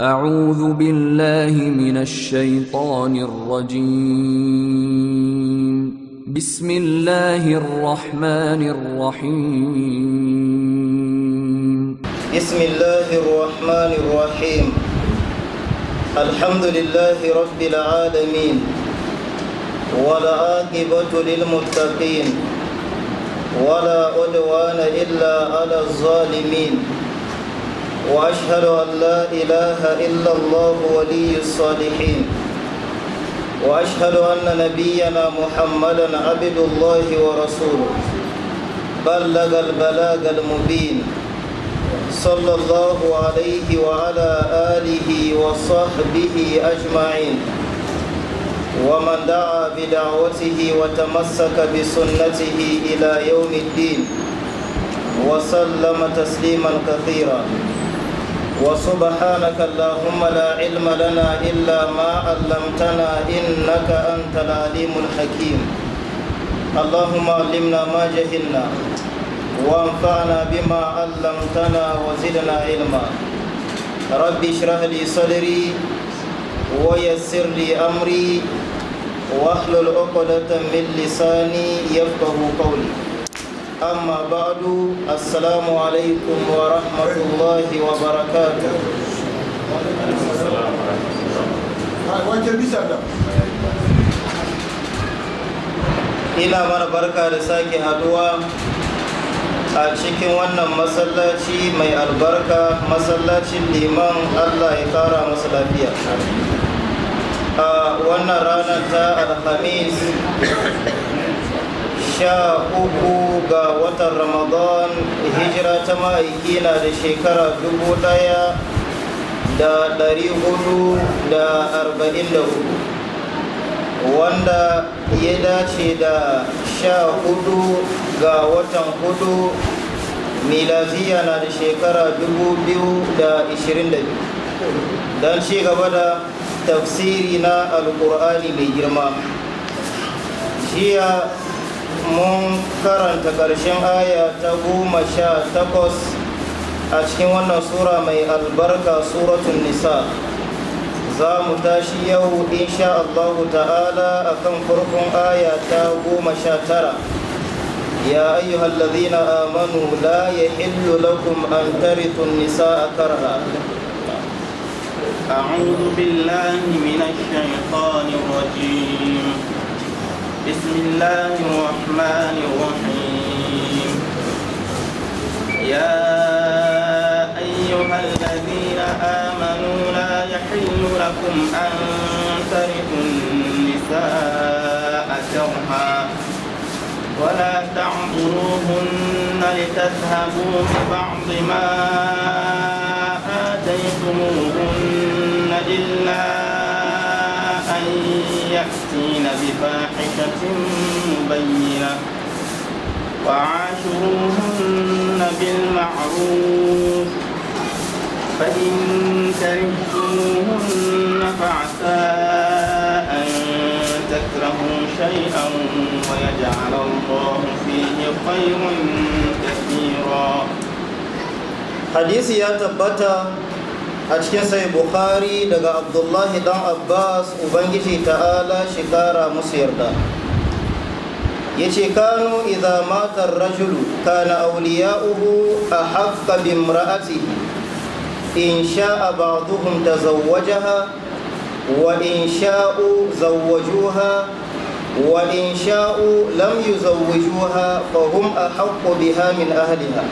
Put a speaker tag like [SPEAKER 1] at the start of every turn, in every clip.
[SPEAKER 1] أعوذ بالله من الشيطان الرجيم بسم الله الرحمن الرحيم
[SPEAKER 2] بسم الله الرحمن الرحيم الحمد لله رب العالمين والعاقبة للمتقين ولا عدوان إلا على الظالمين وأشهد أن لا إله إلا الله ولي الصالحين وأشهد أن نبينا محمدا عبد الله ورسوله بلغ البلاغ المبين صلى الله عليه وعلى آله وصحبه أجمعين ومن دعا بدعوته وتمسك بسنته إلى يوم الدين وسلم تسليما كثيرا وسبحانك اللهم لا علم لنا إلا ما علمتنا إنك أنت العليم الحكيم اللهم علمنا ما جهلنا وانفعنا بما علمتنا وزدنا علما رب اشرح لي صدري ويسر لي أمري واحلل عقدة من لساني يفقه قولي أما بعد السلام عليكم ورحمة الله وبركاته ina mana barka da sake haduwa a cikin wannan masallaci mai albarka masallacin liman allah ya kara masa lafiya a wannan ranar ta alhamis sha uku ga watan ramadan hijira ta ma'aiki na da shekara dubu daya da dari hudu da arba'in da hudu wanda ya dace da sha hudu ga watan hudu miladiya na da shekara dubu biyu da ishirin da biyu don ci gaba da tafsiri na alkur'ani mai girma jiya mun karanta ƙarshen aya ta goma sha takwas a cikin wannan sura mai albarka suratun nisa za mu tashi yau insha Allahu ta'ala akan farkon aya ta goma sha tara يا amanu الذين آمنوا لا يحل لكم أن ترثوا النساء كرها
[SPEAKER 1] أعوذ بالله من الشيطان
[SPEAKER 2] الرجيم
[SPEAKER 1] بسم الله الرحمن الرحيم يا أيها الذين آمنوا لا يحل لكم أن ترثوا النساء كرها ولا تعبروهن لتذهبوا ببعض ما آتيتموهن إلا يأتين بفاحشة مبينة وعاشروهن بالمعروف فإن كرهتموهن فعسى أن تكرهوا
[SPEAKER 2] شيئا ويجعل الله فيه خيرا كثيرا حديث يا تبتا a cikin sai bukhari daga abdullahi dan abbas ubangiji ta'ala shi kara musu yarda ya ce kanu idza matar rajulu kana auliya'uhu a hafka bimra'atihi in sha'a ba'duhum tazawwajaha wa in sha'u zawwajuha wa in sha'u lam yuzawwijuha fa hum ahqqu biha min ahliha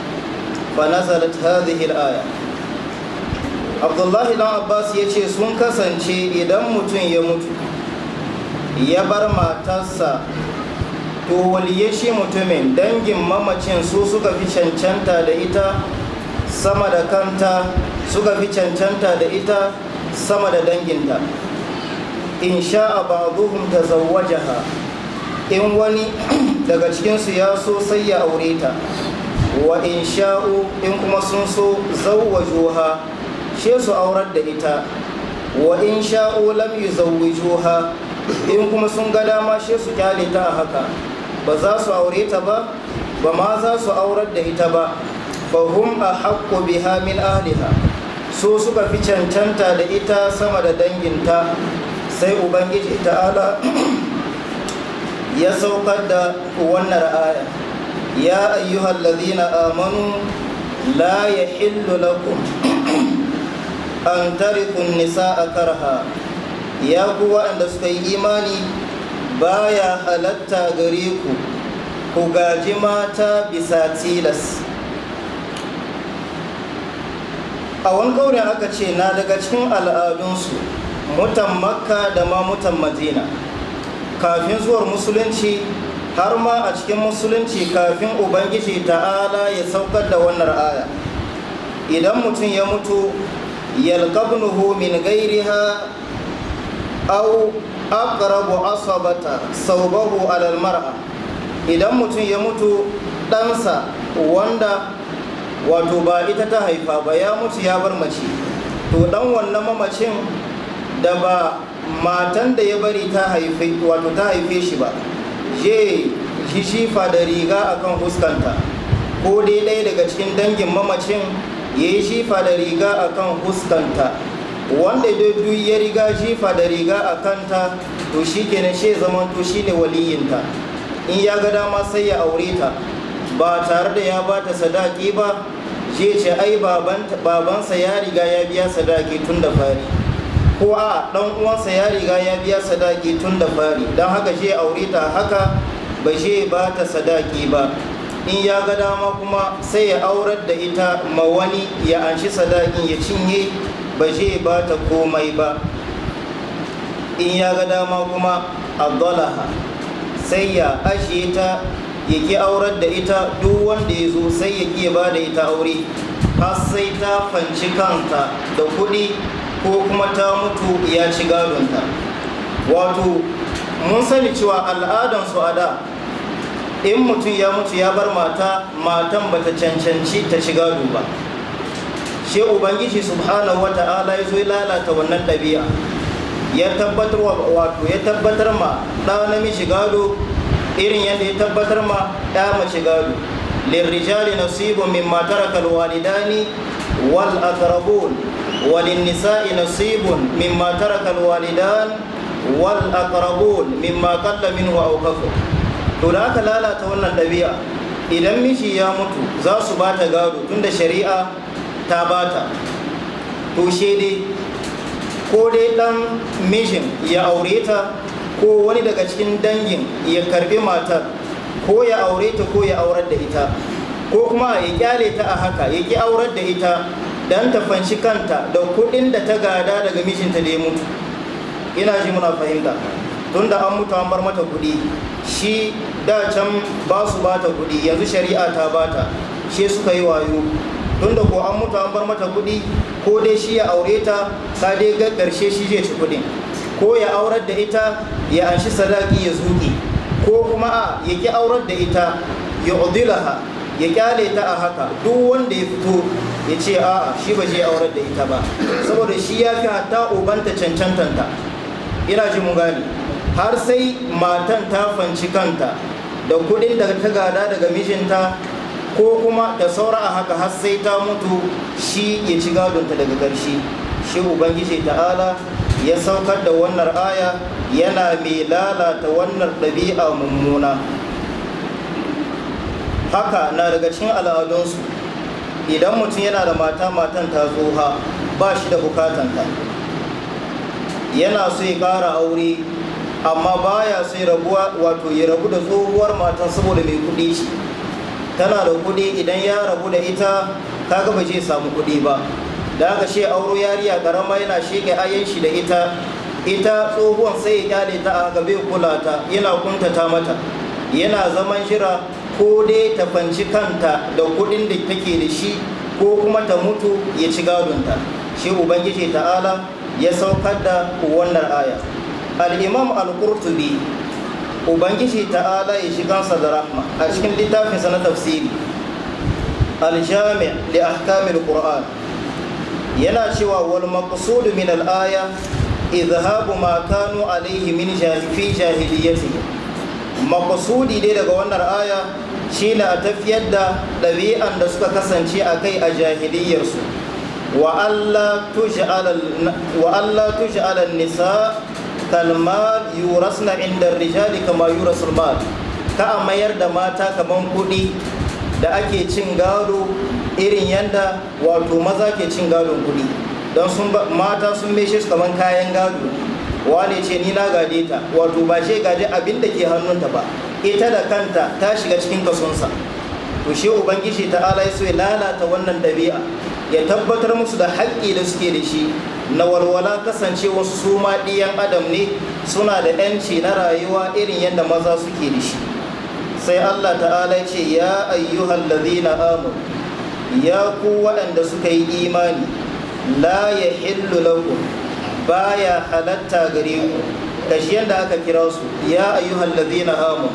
[SPEAKER 2] fa nazalat hadhihi al abdullahi dan abbas ya ce sun kasance idan mutum ya mutu ya bar matarsa to waliye shi mutumin dangin mamacin su suka fi cancanta da ita sama da kanta suka fi cancanta da ita sama da danginta in sha'a ba zuhun ta in wani daga cikinsu ya so sai ya aure ta wa in sha'u in kuma sun so zawajuha she su aurar da ita wa in sha'o lam yuzawwijuha in kuma sun ga dama she su kyale ta a haka ba za su aure ta ba ba ma za su aurar da ita ba fa hum ahaqqu biha min ahliha so suka fi cancanta da ita sama da danginta sai ubangiji ta'ala ya saukar da wannan ra'aya ya ayyuhal ladina amanu la yahillu lakum an tarikun a karha ya ku waɗanda suka yi imani "Ba ya halatta gare ku ku gaji mata bisa tilas a wani ƙaurin aka ce na daga cikin al'adunsu mutan makka da ma mutan madina kafin zuwar musulunci har ma a cikin musulunci kafin ubangiji ta'ala ya saukar da wannan aya idan mutum ya mutu يلقى ابنه من غيرها أو أقرب عصبة صوبه على idan mutum ya mutu ɗansa wanda wato ba ita ta haifa ba ya mutu ya bar mace to ɗan wannan mamacin da ba matan da ya bari ta haife wato ta haife shi ba je shi shifa da riga akan fuskanta ko dai dai daga cikin dangin mamacin ya yi shifa da riga a kan huskanta wanda duk ya riga shifa da riga a kanta to shi kenan shi zaman to shi ne waliyinta in ya ga dama sai ya aure ta ba tare da ya ba ta sadaki ba je ce ai babansa ya riga ya biya sadaki tun da fari ko a ɗan uwansa ya riga ya biya sadaki tun da fari don haka je aure ta haka ba je ba ta sadaki ba in ya ga dama kuma sai ya aurar da ita ma wani ya anshi sadakin ya cinye ba je ba ta komai ba in ya ga dama kuma abdullaha sai ya ashe ta ya ki aurar da ita duk wanda ya zo sai ya ki ba da ita aure har sai ta fanci kanta da kuɗi ko kuma ta mutu ya ci gadonta wato mun sani cewa al'adansu a da in mutum ya mutu ya bar mata matan bata cancanci ta shiga ba shi ubangiji subhanahu wa ta'ala ya zo lalata wannan ɗabi'a ya tabbatar wato ya tabbatar ma ɗa namiji gado irin yadda ya tabbatar ma ɗa mace gado lirrijali nasibun min matar kalwalidani wal aqrabun walin nisa'i nasibun min matar kalwalidan wal aqrabun min makalla min aw to da aka lalata wannan ɗabi'a idan miji ya mutu za su ba ta gado tunda shari'a ta ba ta to dai ko dai ɗan mijin ya aure ta ko wani daga cikin dangin ya karbi matar ko ya aure ta ko ya aurar da ita ko kuma ya kyale ta a haka ya ki aurar da ita don ta fanshi kanta da kuɗin da ta gada daga mijinta da ya mutu ina ji muna fahimta tun da an mutu an bar mata kuɗi shi da can ba su ba ta kuɗi yanzu shari'a ta ba ta shi suka yi wayo tun da ko an mutu an bar mata kuɗi ko dai shi ya aure ta ta dai ga ƙarshe shi zai ci kuɗi ko ya aurar da ita ya anshi sadaki ya zuki ko kuma a ya ki aurar da ita ya udilaha ya kyale ta a haka duk wanda ya fito ya ce a'a shi ba je aurar da ita ba saboda shi ya fi hatta ubanta cancantanta ina ji mun gani har sai matan ta fanci kanta da kudin da ta gada daga mijinta ko kuma da saura a haka har sai ta mutu shi ya ci gadonta daga ƙarshe shi ubangiji ta'ala ya saukar da wannan aya yana mai lalata wannan ɗabi'a mummuna haka na daga cikin al'adunsu idan mutum yana da mata matan ta ha, ba shi da bukatanta yana so ya ƙara aure amma baya sai rabuwa wato ya rabu da tsohuwar matan saboda mai kuɗi shi tana da kuɗi idan ya rabu da ita kaga gaba zai samu kuɗi ba da haka shi auro yariya karama yana sheke ayan shi da ita ita tsohuwar sai ya kyale ta a gabe kula ta yana kuntata mata yana zaman jira ko dai ta fanci kanta da kuɗin da take da shi ko kuma ta mutu ya ci gadonta shi ubangiji ta'ala ya saukar da wannan aya al-imam al ubangiji ta'ala ya shi kansa da rahma a cikin littafinsa na tafsiri al li ahkamil qur'an yana cewa wal maqsud min al-aya izhabu ma kanu alaihi min fi jahiliyyati maqsudi dai daga wannan aya shine a tafiyar da ɗabi'an da suka kasance a kai a jahiliyarsu wa Allah tuj'ala nisa kalmal yurasna inda rijali kama yurasul mal ka a mayar da mata kaman kudi da ake cin gado irin yanda wato maza ke cin gadon kudi? don sun mata sun meshe su kaman kayan gado wane ce ni na gade ta wato ba ce gaje abin da ke hannunta ba ita da kanta ta shiga cikin kasonsa to shi ubangiji ta ya ya lalata wannan dabi'a ya tabbatar musu da haƙƙi da suke da shi na walwala kasance wasu su ma ɗiyan adam ne suna da ‘yanci na rayuwa irin yadda maza suke da shi sai Allah ta'ala ce ya ayyuhal na amun ya ku waɗanda suka yi imani la ya hillu ba baya halatta gare ku kashi yadda aka kira su ya ayyuhal na amun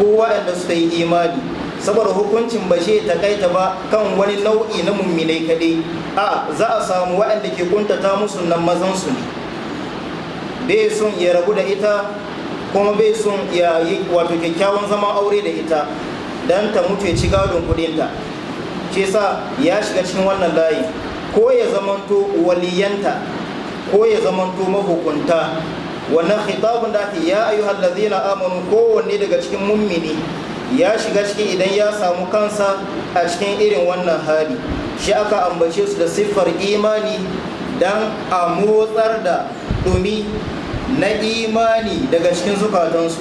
[SPEAKER 2] ku waɗanda suka yi imani saboda hukuncin ba shi kaita ba kan wani nau'i na mumminai kadai a za a samu waɗanda ke kuntata musu nan mazansu ne bai sun ya rabu da ita kuma bai sun ya yi wato kyakkyawan zama aure da ita don ta mutu ya ci gadon kudinta ce sa ya shiga cikin wannan layi ko ya zamanto waliyanta ko ya zamanto mahukunta wannan khitabun da ake ya ayyuhal ladzina amanu kowanne daga cikin mummini ya shiga ciki idan ya samu kansa a cikin irin wannan hali shi aka ambace su da siffar imani don a motsar da dumi na imani daga cikin zukatansu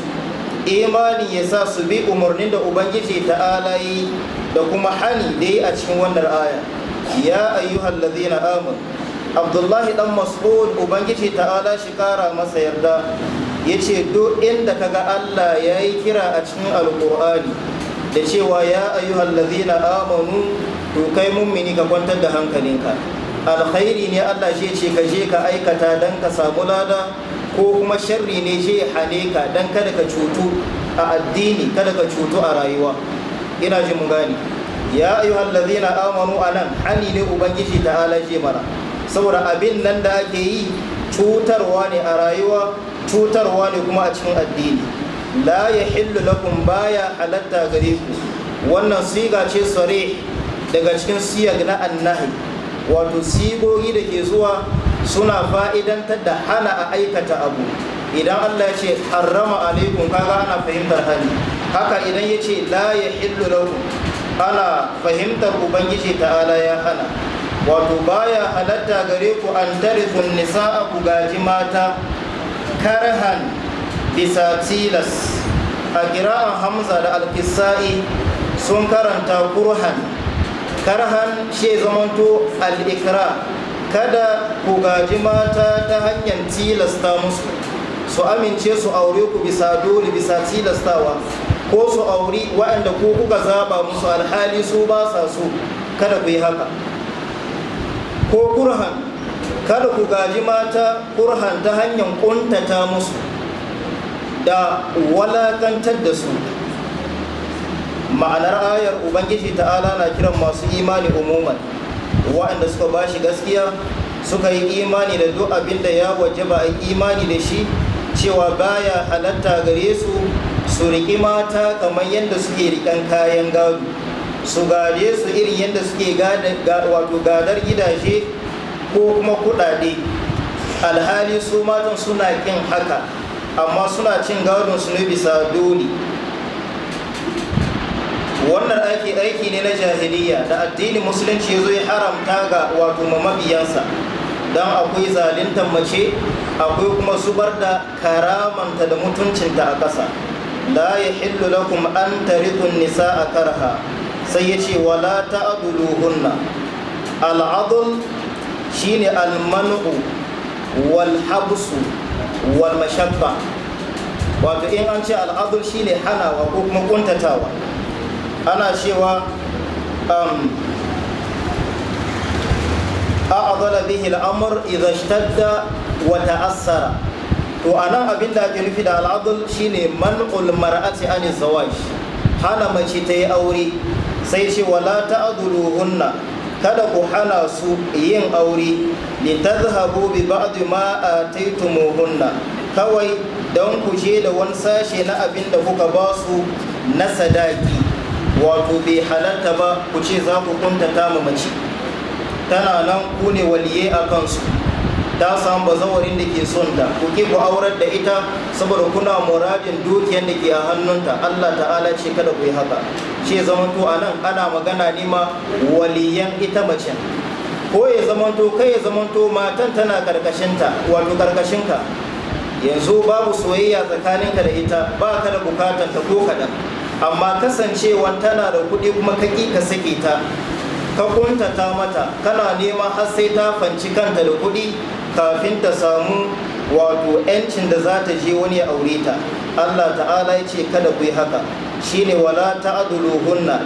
[SPEAKER 2] imani ya sa su bi umarnin da ubangiji ta alayi da kuma hani da yi a cikin wannan aya ya ayyuhal ladina Amur. abdullahi dan mas'ud ubangiji ta'ala shi kara masa yarda ya ce duk inda kaga Allah ya yi kira a cikin alkur'ani da cewa ya ayyuhal ladzina amanu to kai mummini ka kwantar da hankalinka alkhairi ne Allah shi ce ka je ka aikata dan ka samu lada ko kuma sharri ne ya hane ka dan kada ka cutu a addini kada ka cutu a rayuwa ina ji mun gani ya ayyuhal ladzina amanu anan hali ne ubangiji ta'ala je mana saboda abin nan da ake yi cutarwa ne a rayuwa cutarwa ne kuma a cikin addini la ya hillu lakum baya halatta gare ku wannan siga ce sare daga cikin siyar na annahi wato sigogi da ke zuwa suna fa'idantar da hana a aikata abu idan Allah ya ce harrama alaikum kaga ana fahimtar hali haka idan ya ce la ya hillu lakum ana fahimtar ubangiji ta'ala ya hana wato baya halatta gare ku an tarifin nisa'a ku gaji mata karhan bisa tilas a kira'an hamza da alkisa'i sun karanta kurhan karhan shi zamanto al'ikra kada ku gaji mata ta hanyar tilasta musu su amince su aure ku bisa dole bisa tilastawa ko su auri waɗanda ku kuka zaba musu alhali su ba sa so kada ku yi haka ko kurhan kada ku gaji mata kurhan ta hanyar ƙuntata musu da walakantar da su ma'anar ayar ubangiji ta'ala na kiran masu imani umuman waɗanda suka ba shi gaskiya suka yi imani da duk abin da ya waje ba a imani da shi cewa baya halatta gare su su riƙi mata kamar yadda suke riƙen kayan gado su gaje su irin yadda suke gadar gidaje ko kuma kuɗaɗe alhali su matan suna ƙin haka amma suna cin gadon su ne bisa dole wannan aiki aiki ne na jahiliya da addinin musulunci ya zo ya haramta ga wato mabiyansa don akwai zalintar mace akwai kuma zubar da karamanta da mutuncinta a ƙasa da ya hillu lakum an taritun nisa a karha sai ya ce wala ta'aduluhunna al'adul shine almanu wal habsu wal mashabba wato in an ce al'adul shine hanawa ko kuma kuntatawa ana cewa um, a'adala bihi al'amur idza ishtadda wa ta'assara to anan abin da ake nufi da al'adul shine man'ul mar'ati an zawaj hana mace ta yi aure sai ce wala ta'aduluhunna kada ku hana su yin aure zahabu bi ba ma ataytumuhunna kawai don ku je da wani sashe na abin da kuka ba su na sadaki wato bai halarta ba ku ce za ku kuntata mace tana nan ku ne waliye a kansu ta samu bazawarin da ke son ta ku ki ku aurar da ita saboda kuna muradin dukiyar da ke a hannunta Allah ta'ala ce kada ku yi haka ce zamanto a nan ana magana ne ma waliyan ita mace ko ya zamanto kai ya zamanto matan tana ta wato ka yanzu babu soyayya tsakaninka da ita ba ka da bukatar ko kaɗan amma kasancewan tana da kuɗi kuma kaki ka sake ta ka kuntata mata kana nema har sai ta fanci kanta da kuɗi kafin ta samu wato 'yancin da za ta je wani aure ta Allah ta'ala ya ce kada ku yi haka shine wala ta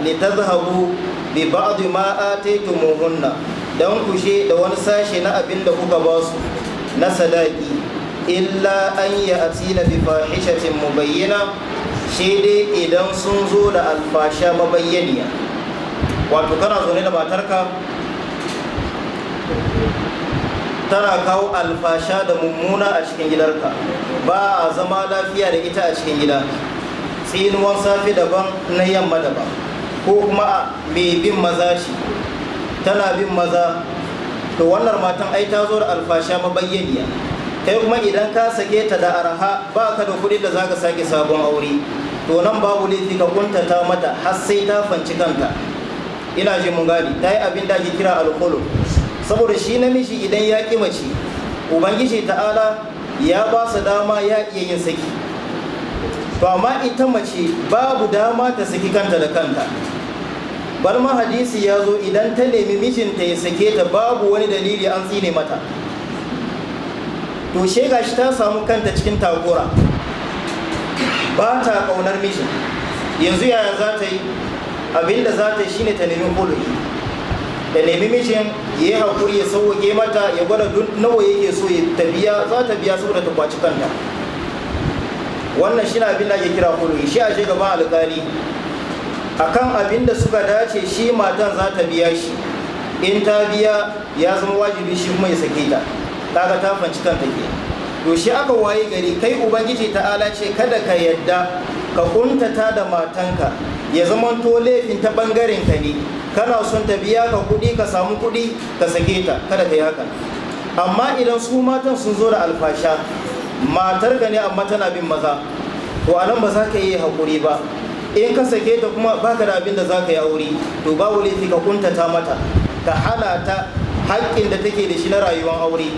[SPEAKER 2] litazhabu bi ba'd ma hunna dan ku she da wani sashe na abin da kuka ba su na sadaki illa an ya atina bi fahishatin mubayyana shi dai idan sun zo da alfasha mabayyaniya wato kana zaune da matarka tana kawo alfasha da mummuna a cikin gidarka ba a zama lafiya da ita a cikin gida tsinuwan safe daban na yamma daban ko kuma a mai bin maza ce tana bin maza to wannan matan ai ta zo da alfasha mabayyaniya kai kuma idan ka sake ta da arha ba ka da kuɗi da za ka sake sabon aure to nan babu laifi ka kuntata mata har sai ta fanci kanta ina ji mun gadi ta yi abin da ake kira alkolo saboda shi namiji idan ya ƙi mace ubangiji ta'ala ya ba su dama ya iya yin saki to amma ita mace babu dama ta saki kanta da kanta bar ma hadisi ya zo idan ta nemi mijinta ya sake ta babu wani dalili an tsine mata to she gashi ta samu kanta cikin takura ba ta ƙaunar mijin yanzu yaya za ta yi abinda za ta shine ta nemi kulubi da nemi mijin ya yi haƙuri ya sauwake mata ya gwada duk nawa yake so ya tabiya za ta biya saboda ta kwaci kanta wannan shi na abin da ake kira kulubi shi a gaban alƙali akan abin da suka dace shi matan za ta biya shi in ta biya ya zama wajibi shi kuma ya sake ta kaga ta fanci kanta ke to shi aka waye gari kai ubangiji ta'ala ce kada ka yadda ka kuntata da matanka ya zamanto laifin ta bangaren ka ne kana son ta biya ka kuɗi ka samu kuɗi ka sake ta kada ka yi haka amma idan su matan sun zo da alfasha matar ka ne amma tana bin maza to a nan ba za ka yi haƙuri ba in ka sake ta kuma ba ka da abin da za ka yi aure to babu laifi ka kuntata mata ka hana ta haƙƙin da take da shi na rayuwar aure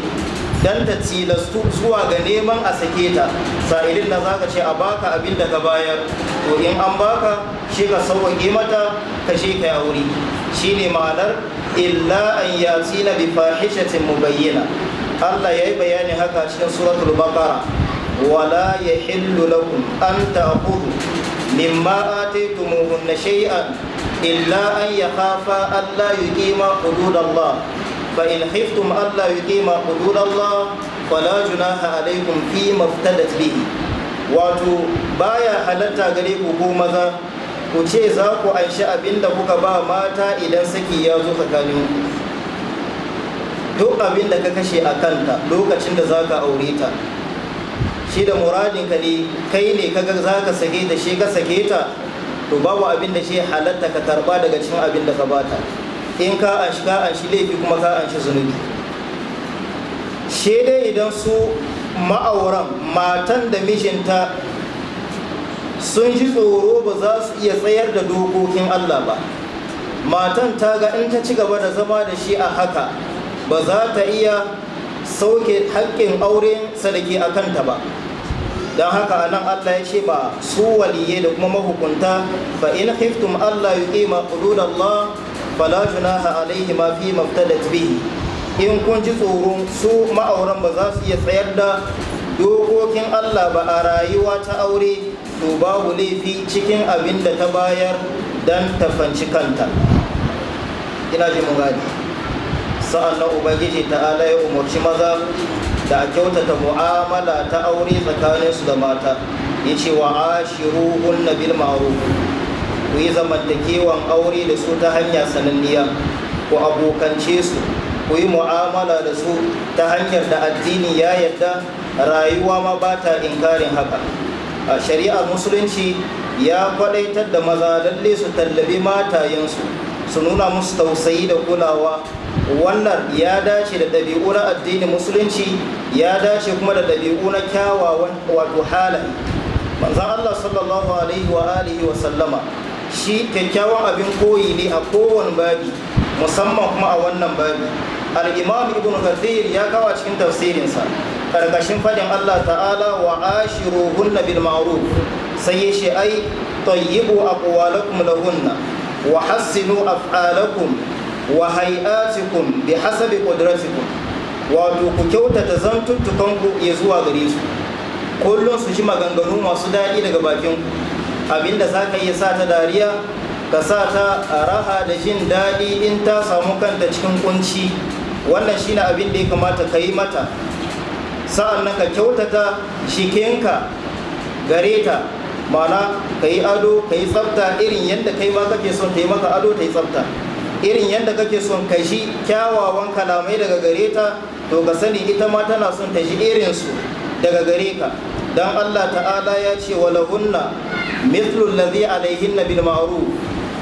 [SPEAKER 2] dan ta tilastu zuwa ga neman a sake ta sa'ilin da ka ce a baka abin da ka bayar to in an baka shi ka sauwaƙe mata ka shi ka Shi ne ma'anar illa an yatina bi fahishatin mu bayyana. Allah ya yi bayani haka cikin suratul baqara wala ya yahillu lakum an ta'khudhu tumuhun na shay'an illa an ya yakhafa alla yuqima Allah. فإن خفتم ألا يقيم حدود الله فلا جناح عليكم فيما افتدت به wato baya halatta gare ku ko maza ku ce za ku anshi abin da kuka ba mata idan saki ya zo tsakanin duk abin da ka kashe a kanta lokacin da za ka aure ta shi da muradinka ne kai ne ka za ka sake da shi ka sake ta to babu abin da shi halatta ka karba daga cikin abin da ka bata in ka anshi ka anshi laifi kuma ka anshi zunubi shi dai idan su ma'auran matan da mijinta sun ji tsoro ba za su iya tsayar da dokokin Allah ba matan ta ga in ta ci gaba da zama da shi a haka ba za ta iya sauke haƙƙin auren sadaki a kanta ba don haka anan Allah ya ce ba su waliye da kuma mahukunta fa in khiftum Allah yuqima hududallah fala junaha ma fi maftadat bihi in kun ji tsoron su ma'auran ba za su iya tsayar da dokokin Allah ba a rayuwa ta aure to babu laifi cikin abin da ta bayar don tafanci kanta ina ji mu gani sa'an nan ubangiji ta'ala ya umarci maza da a kyautata mu'amala ta aure tsakaninsu da mata ya ce wa hunna bil ma'ruf ku yi zamantakewan aure da su ta hanyar sananniya ku abokance su ku yi mu'amala da su ta hanyar da addini ya yadda rayuwa ma ba ta inkarin haka a shari'ar musulunci ya kwadaitar da maza lalle su tallabi matayensu su nuna musu tausayi da kulawa wannan ya dace da ɗabi'u na addini musulunci ya dace kuma da ɗabi'u na kyawawan wato halaye manzan allah sallallahu alaihi wa alihi wa sallama shi kyakkyawan abin koyi ne a kowane babi musamman kuma a wannan babi al-imam ibn kathir ya kawo cikin tafsirinsa karkashin fadin Allah ta'ala wa rohun bil ma'ruf sai ya ce ai tayyibu aqwalakum lahunna wa hassinu af'alakum wa hay'atikum bi hasabi qudratikum wato ku kyautata zan ya zuwa gare su kullum su ji maganganu masu daɗi daga bakin abinda za ka iya sa ta dariya ka sa ta raha da jin daɗi in ta samu kanta cikin kunci wannan shi shine abin da ya kamata ka yi mata sa'an nan ka kyautata shikenka gare ta mana ka yi ado ka yi tsafta irin yadda kai ma kake son ta yi maka ado ta yi tsafta irin yadda kake son ka ji kyawawan kalamai daga gare ta to ka sani ita ma tana son ta ji irinsu daga gare ka dan Allah ta'ala ya ce walahunna mithlul ladhi alayhinna bil ma'ruf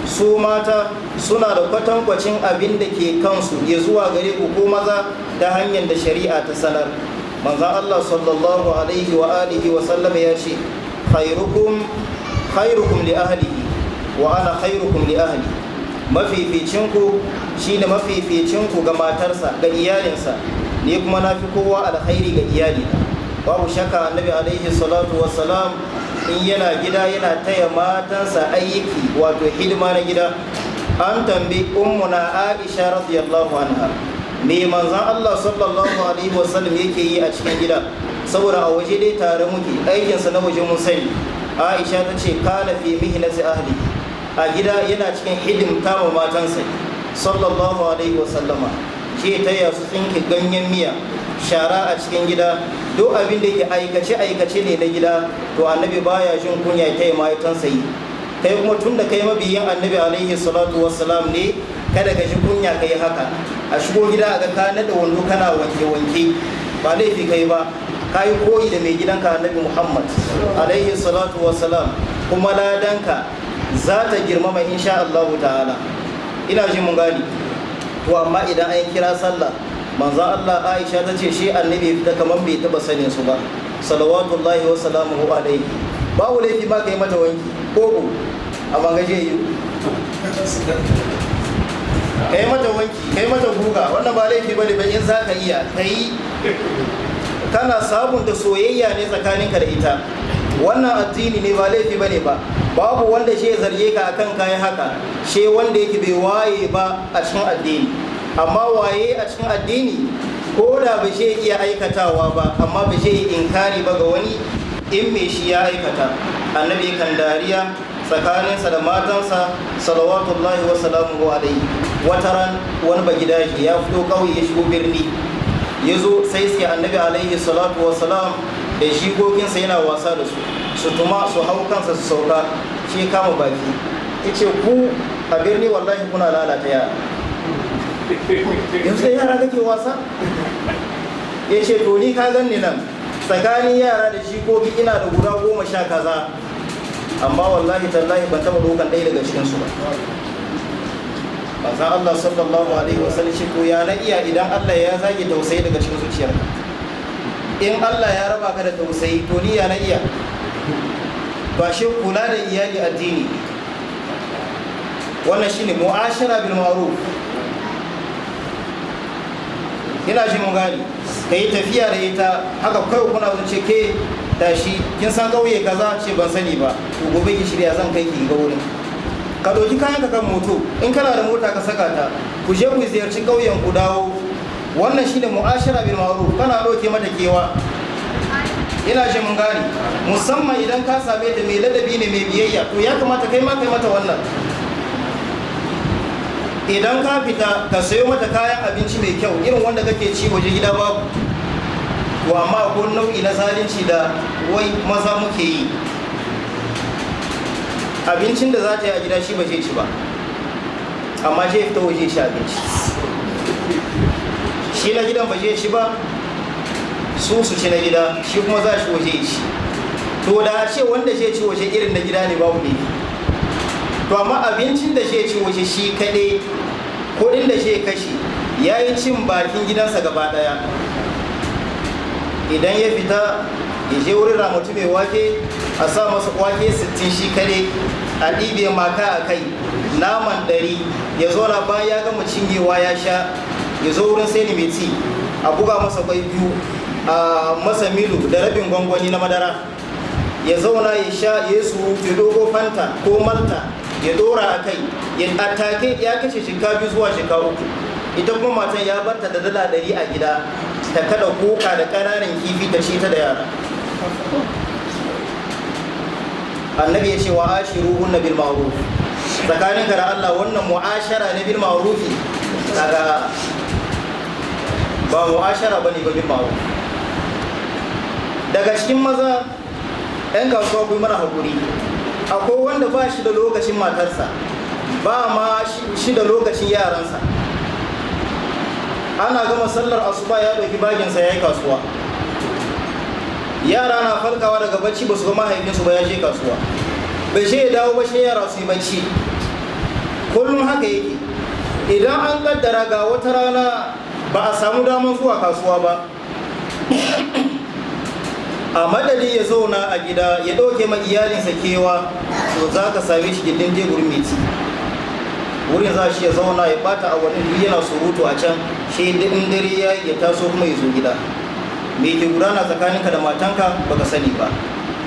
[SPEAKER 2] su mata suna da kwatankwacin abin da ke kansu ya zuwa gare ku ko maza ta hanyar da shari'a ta sanar manzan Allah sallallahu alaihi wa alihi wa sallama ya ce khairukum khairukum li ahlihi wa ana khairukum li ahli shine mafificinku ga matarsa ga iyalinsa ne kuma na fi kowa alkhairi ga iyali? babu shakka annabi alaihi salatu wassalam in yana gida yana taya matansa aiki wato hidima na gida an tambi ummuna aisha radiyallahu anha me manzan Allah sallallahu alaihi wasallam yake yi a cikin gida saboda a waje dai tare muke aikinsa na waje mun sani aisha ta ce kana fi mihnati ahli a gida yana cikin hidimta ma matansa sallallahu alaihi wasallama ke taya su tsinke ganyen miya shara a cikin gida duk abin da ke aikace aikace ne na gida to annabi baya jin kunya ta yi mayatansa sayi kai kuma tun da kai mabiyin annabi alaihi salatu wassalam ne kada ka ji kunya ka yi haka a shigo gida a ga ka da wando kana wanke wanke ba laifi kai ba ka yi koyi da mai gidan gidanka annabi muhammad alaihi salatu wassalam kuma ladanka za ta girmama insha allahu ta'ala ina ji mun gani to amma idan an kira sallah manzo Allah Aisha ta ce shi annabi fita kamar bai taba sanin su ba salawatullahi wa salamuhu alaihi babu laifi ba kai mata wanki ko ko a gaje yi kai mata wanki kai mata guga wannan ba laifi bane ba in zaka iya kai kana sabunta soyayya ne tsakaninka da ita wannan addini ne ba laifi bane ba babu wanda shi zarge ka akan kayan haka shi wanda yake bai waye ba a cikin addini amma waye a cikin addini ko da ba zai iya aikatawa ba amma ba zai inkari ba ga wani in me shi ya aikata annabi kan dariya tsakaninsa da matansa salawatullahi wa salamuhu alaihi wataran wani ba shi ya fito kauye ya shigo birni ya zo sai sai annabi alaihi salatu wa salam da shigokinsa yana wasa da su su tuma su hau kansa su sauka shi kama baki ya ce ku a birni wallahi kuna lalata yara yanzu sai yara kake wasa ya ce to ni ka ni nan tsakanin yara da shi jikoki ina da guda goma sha kaza amma wallahi tallahi ban taɓa dokan ɗaya daga cikinsu ba manzan Allah sallallahu alaihi wasallam shi ya na iya idan Allah ya zage tausayi daga cikin zuciyar? in Allah ya raba ka da tausayi to ni ya na iya ba shi kula da iyali addini wannan shine mu'ashara bil ma'ruf Ina ji mun gani ka yi tafiya da ita haka kawai kuna zuce ke da shi kin san ƙauye kaza ce ban sani ba to gobe ki shirya zan kai ki ga wurin ka ɗauki kayan ka kan moto in kana da mota ka saka ta ku je ku ziyarci ƙauyen ku dawo wannan shine mu'ashara bil ma'ruf kana ɗauke mata kewa ina shi mun gani musamman idan ka same ta mai ladabi ne mai biyayya to ya kamata kai ma kai mata wannan idan ka fita ka sayo mata kayan abinci mai kyau irin wanda kake ci waje gida babu ko amma ko nau'i na zalunci da wai maza muke yi abincin da za ta yi a gida shi ba zai ci ba amma zai fita waje shi abinci shi na gidan ba zai ci ba su su ci na gida shi kuma za shi waje shi to da ce wanda zai ci waje irin na gida ne babu ne to amma abincin da shi ci wuce shi kadai kuɗin da shi kashi ya yi cin bakin gidansa gaba daya idan ya fita ya je wurin ramatu mai wake a sa masa wake sittin shi kaɗai a ɗibe maka a kai naman ɗari ya zo na bayan ya gama cinyewa ya sha ya zo wurin sai mai ci a buga masa kwai biyu a masa milu da rabin gwangwani na madara ya zauna ya sha ya su dogo fanta ko malta ya dora a kai ya attake ya kashe shinkafi zuwa shinka uku ita kuma matan ya barta da dala ɗari a gida ta kada koka da ƙananan kifi ta shi ta da yara annabi ya ce wa ashiru hunna na ma'ruf tsakaninka da Allah wannan mu'ashara na bil na daga ba mu'ashara ba ne ba bil daga cikin maza 'yan kasuwa kuma yi mana haƙuri akwai wanda ba shi da lokacin matarsa ba ma shi da lokacin yaransa ana gama sallar asuba ya ɗauki baginsa ya yi kasuwa yara na farkawa daga bacci ba su ga mahaifinsu ba ya je kasuwa bai je ya dawo ba shi yara su yi bacci kullum haka yake idan an kaddara ga wata rana ba a samu damar zuwa kasuwa ba a madadi ya zauna a gida ya ɗauke ma iyalinsa kewa to za ka same shi gindin dai wurin mai wurin za shi ya zauna ya bata a wani yana surutu a can shi in dare ya ya taso kuma ya zo gida me ke gudana tsakaninka da matanka baka sani ba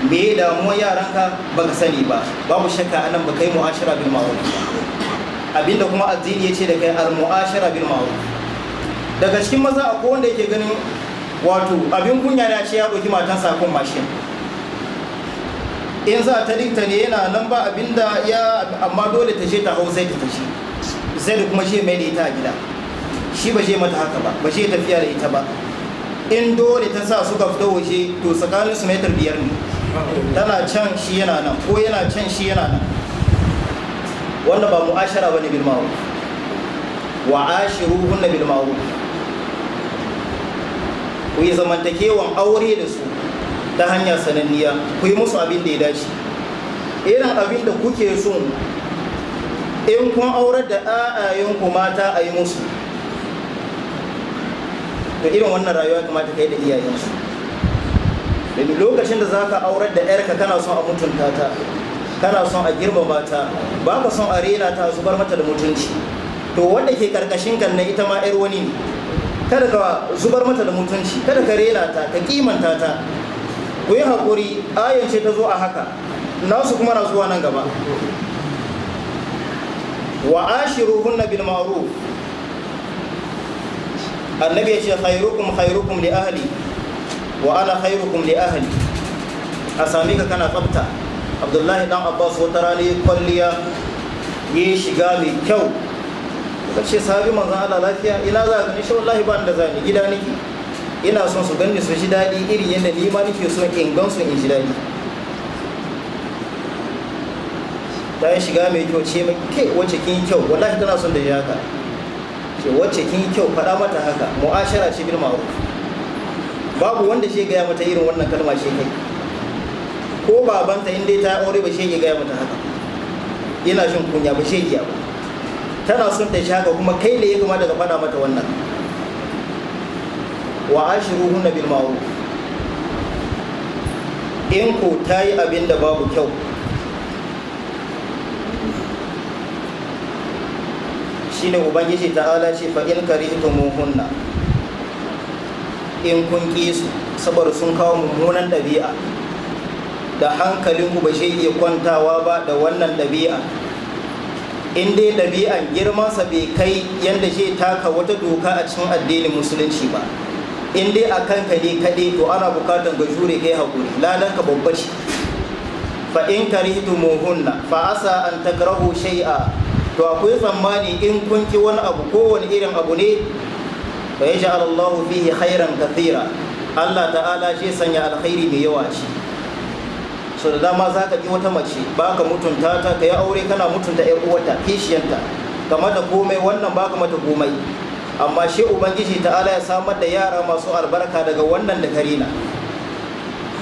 [SPEAKER 2] me ya damuwar yaranka baka sani ba babu shakka anan ba kai mu'ashara bil ma'ruf abinda kuma addini ya ce da kai al mu'ashara bil ma'ruf daga cikin maza akwai wanda yake ganin wato abin kunya na ce ya ɗauki matan sakon mashin in za ta rikta ne yana nan ba abin da ya amma dole ta ce ta hau sai ta tashi sai da kuma ce mai da ita a gida shi ba ce mata haka ba ba ce tafiya da ita ba in dole ta sa suka fito waje to tsakanin su metar biyar ne tana can shi yana nan ko yana can shi yana nan wanda ba mu'ashara ba ne bilmawu. wa ashiru bil ma'ruf ku yi zamantakewan aure da su ta hanyar sananniya ku yi musu abin da ya dace irin abin da kuke so in kun aurar da ɗa'ayenku mata a yi musu to irin wannan rayuwa kamata ka kai da iyayensu domin lokacin da za ka aurar da ‘yarka kana son a mutunta ta kana son a girmama ta ba ka son a rena ta zubar mata da mutunci to wanda ke karkashin kan na ita ma ‘yar wani ne kada ka zubar mata da mutunci kada ka rena ta ka kimanta ta ku yi haƙuri ayance ta zo a haka nasu kuma na zuwa nan gaba wa hunna bil ma'ruf annabi ya ce khairukum khairukum li ahli wa ana khairukum li ahli a sami ka kana tsafta abdullahi dan abbas wata rana kwalliya ya shiga mai kyau ka ce sahabi manzan Allah lafiya ina za ka nishe Lahi ba da zani gida niki ina son su gani su ji daɗi iri yadda ni ma nake son in gan su in ji daɗi ta yi shiga mai kyau ce mai ke wacce kin yi kyau wallahi tana son da ya haka ce wacce kin yi kyau faɗa mata haka mu'ashara ce bin ma'aru babu wanda shi gaya mata irin wannan kalma shi kai ko babanta in dai ta aure ba shi gaya mata haka yana shin kunya ba shi iya ba tana son ta shi haka kuma kai ne ya kamata ka fada mata wannan wa ashiru hunna bil ma'ruf in ku ta yi abin da babu kyau Shi ne ubangiji ta ala ce fa in muhunna. in kun ƙi su saboda sun kawo mummunan ɗabi'a da hankalinku ba shi iya kwantawa ba da wannan ɗabi'a in dai ɗabi'an girmansa bai kai yadda zai taka wata doka a cikin addinin musulunci ba in dai a ka ne kaɗai to ana bukatar ga jure kai haƙuri ladan ka babba ce fa in muhunna fa asa an takrahu shai'a. to akwai tsammani in kun ki wani abu kowane irin abu ne fa ya Allahu fihi khairan kathira Allah ta'ala shi sanya alkhairi mai yawa ce so da dama za ka ji wata mace ba ka mutunta ta ka yi aure kana mutunta ‘yar uwarta kishiyanta ka da komai wannan ba ka mata komai amma shi ubangiji ala ya samar da yara masu albarka daga wannan da karina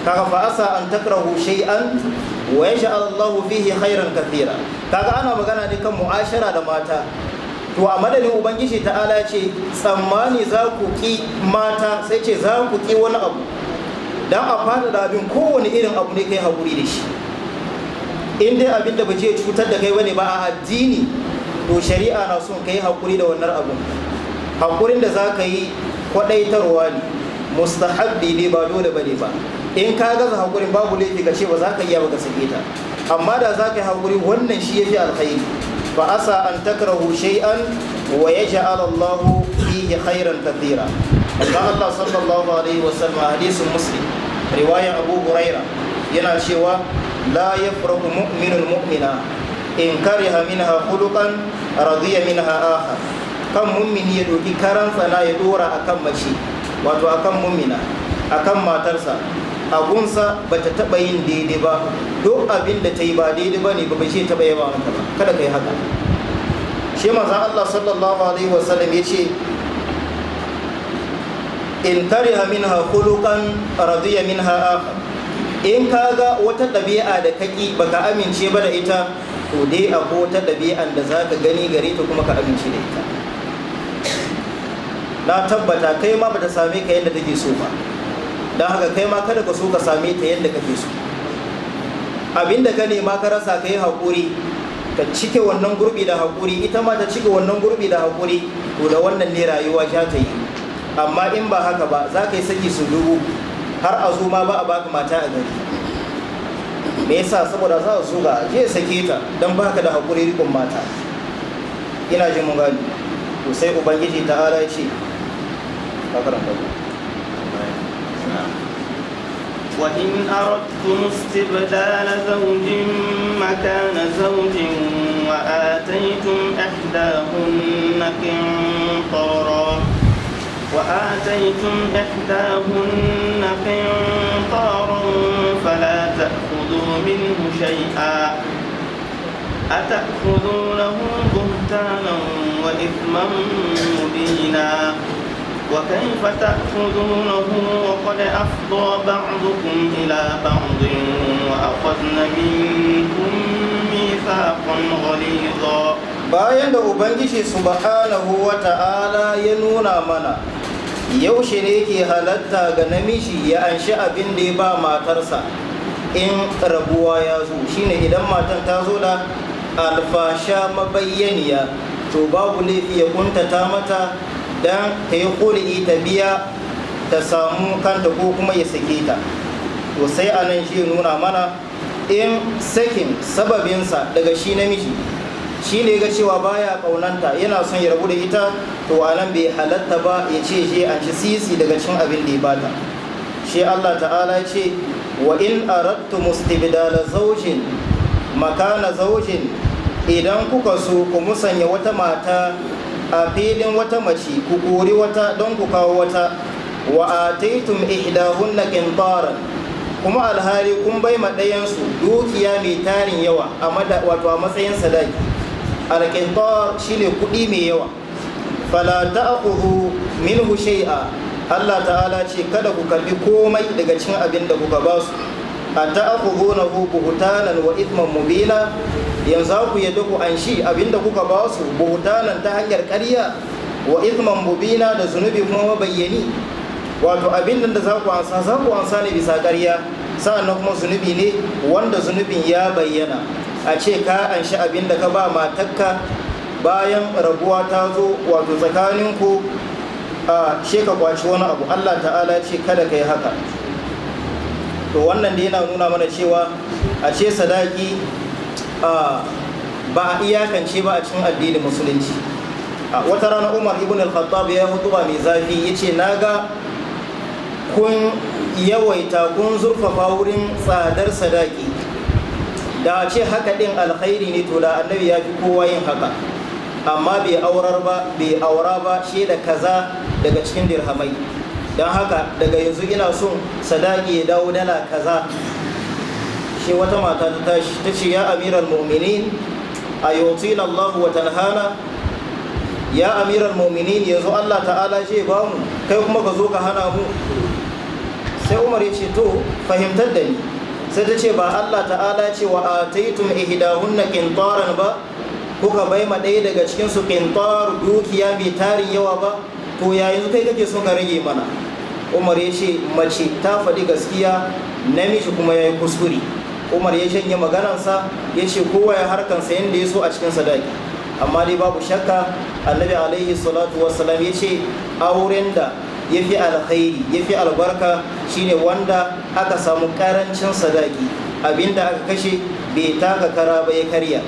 [SPEAKER 2] Ka kafa asa an takrahu shay'an wa yash'a Allahu fihi khairan kathira kaga ana magana ne kan mu'ashara da mata to a madadin ubangiji ya ce tsammani za ku ki mata sai ce za ku ki wani abu dan a fada da abin kowane irin abu ne kai haƙuri da shi in dai abin da ba cutar da kai wani ba a addini to shari'a na son kai haƙuri da wannan abun haƙurin da za ka yi kwaɗaitarwa ne mustahabbi ne ba dole ba ne ba in ka gaza haƙurin babu laifi ka ce ba za ka yi ba ka sake ta amma da za ka yi haƙuri wannan shi ya fi alkhairi fa asa an takrahu shay'an wa yaj'al Allahu fihi khairan kathira Allah sallallahu alaihi wa sallam hadisin muslim riwayan abu huraira yana cewa la yafrahu mu'minul mu'mina in kariha minha khuluqan radiya minha aha kan mummini ya doki karan tsana ya dora akan mace wato akan mummina akan matarsa abunsa ba ta taɓa yin daidai ba duk abin da ta yi ba daidai ba ne ba bai taɓa yaba mata ba kada ka yi haka shi manzan Allah sallallahu alaihi wasallam ya ce in kariha minha khuluqan radiya minha akhar in ga wata ɗabi'a da kaki baka amince ba da ita to dai akwai wata ɗabi'an da zaka gani gare ta kuma ka amince da ita na tabbata kai ma bata same ka yadda take so ba don haka kai ma kada ka so ka same ta yadda kake so abinda ka nema ka rasa ka yi haƙuri ka cike wannan gurbi da haƙuri ita ma ta cike wannan gurbi da haƙuri to da wannan ne rayuwa za ta yi amma in ba haka ba za ka yi saki su dubu har a zo ma ba a baka mata a gari me yasa saboda za a zo ga je sake ta don baka da haƙuri rikon mata ina jin mun gani to sai ubangiji ta ala ce bakaran babu
[SPEAKER 1] وإن أردتم استبدال زوج مكان زوج وآتيتم إحداهن قنطرا وآتيتم إحداهن قنطارا فلا تأخذوا منه شيئا أتأخذونه بهتانا وإثما مبينا وكيف تأخذونه وقد أفضى بعضكم إلى بعض وأخذن منكم
[SPEAKER 2] ميثاقا غليظا bayan da ubangiji subhanahu wa ta'ala ya nuna mana yaushe ne ke halatta ga namiji ya anshi abin da ya ba matarsa in rabuwa ya zo shine idan matan ta zo da alfasha mabayyaniya to babu laifi ya kuntata mata don ta yi kuri ta biya ta samu kanta ko kuma ya sake ta to sai a nan shi nuna mana in sakin sababinsa daga shi namiji shi ne ga cewa baya kaunanta yana son ya rabu da ita to anan bai halatta ba ya ce shi an ci sisi daga cin abin da ya bata shi Allah ta'ala ya ce wa in aradtu mustabdal zawjin makana zawjin idan kuka so ku musanya wata mata a filin wata mace ku kori wata don ku kawo wata wa ataitum ihdahunna qintara kuma alhari kun bai ma ɗayansu dukiya mai tarin yawa a wato a matsayin sadaki alƙintar shi ne kuɗi mai yawa fala akuhu minhu shay'a Allah ta'ala ce kada ku karbi komai daga cin abin da kuka ba su a na ta'khudhunahu hutanan wa ithman mubila yanzu ku yadda ku anshi abin da kuka ba su buhutanan ta hanyar ƙarya wa ithman mubila da zunubi kuma mabayyani wato abin da za ku ansa za ku ansa ne bisa ƙarya na kuma zunubi ne wanda zunubin ya bayyana a ce ka an shi abin da ka ba matakka bayan rabuwa ta zo wato tsakaninku a she ka kwaci wani abu allah ta'ala ce kada ka yi haka to wannan da yana nuna mana cewa a ce sadaki ba a iyakance ba a cikin addinin musulunci a wata rana umar ibn al-khattab ya hutu ba mai zafi ya ce na ga kun yawaita kun zurfafa wurin tsadar sadaki da a ce haka ɗin alkhairi ne to da annabi ya fi kowa yin haka amma bai aurar ba bai aura ba shi da kaza daga cikin dirhamai don haka daga yanzu ina son sadaki ya dawo dala kaza shi wata mata ta tashi ta ce ya amiral mu'minin a yautina Allah wa tanhana ya amiral mu'minin yanzu Allah ta'ala ce ba mu kai kuma ka zo ka hana mu sai Umar ya ce to fahimtar da ni sai ta ce ba Allah ta'ala ce wa ihidahun na qintaran ba kuka bai ma ɗaya daga cikin su dukiya mai tarin yawa ba to yayin kai kake so ka rage mana Umar ya ce mace ta faɗi gaskiya namiji kuma ya yi kuskuri. Umar ya shanye maganarsa ya ce kowa ya harkansa yadda ya so a cikin sadaki amma dai babu shakka annabi alaihi salatu salam ya ce auren da ya fi alkhairi ya fi albarka shine wanda aka samu karancin sadaki abinda aka kashe bai taka kara ba ya karya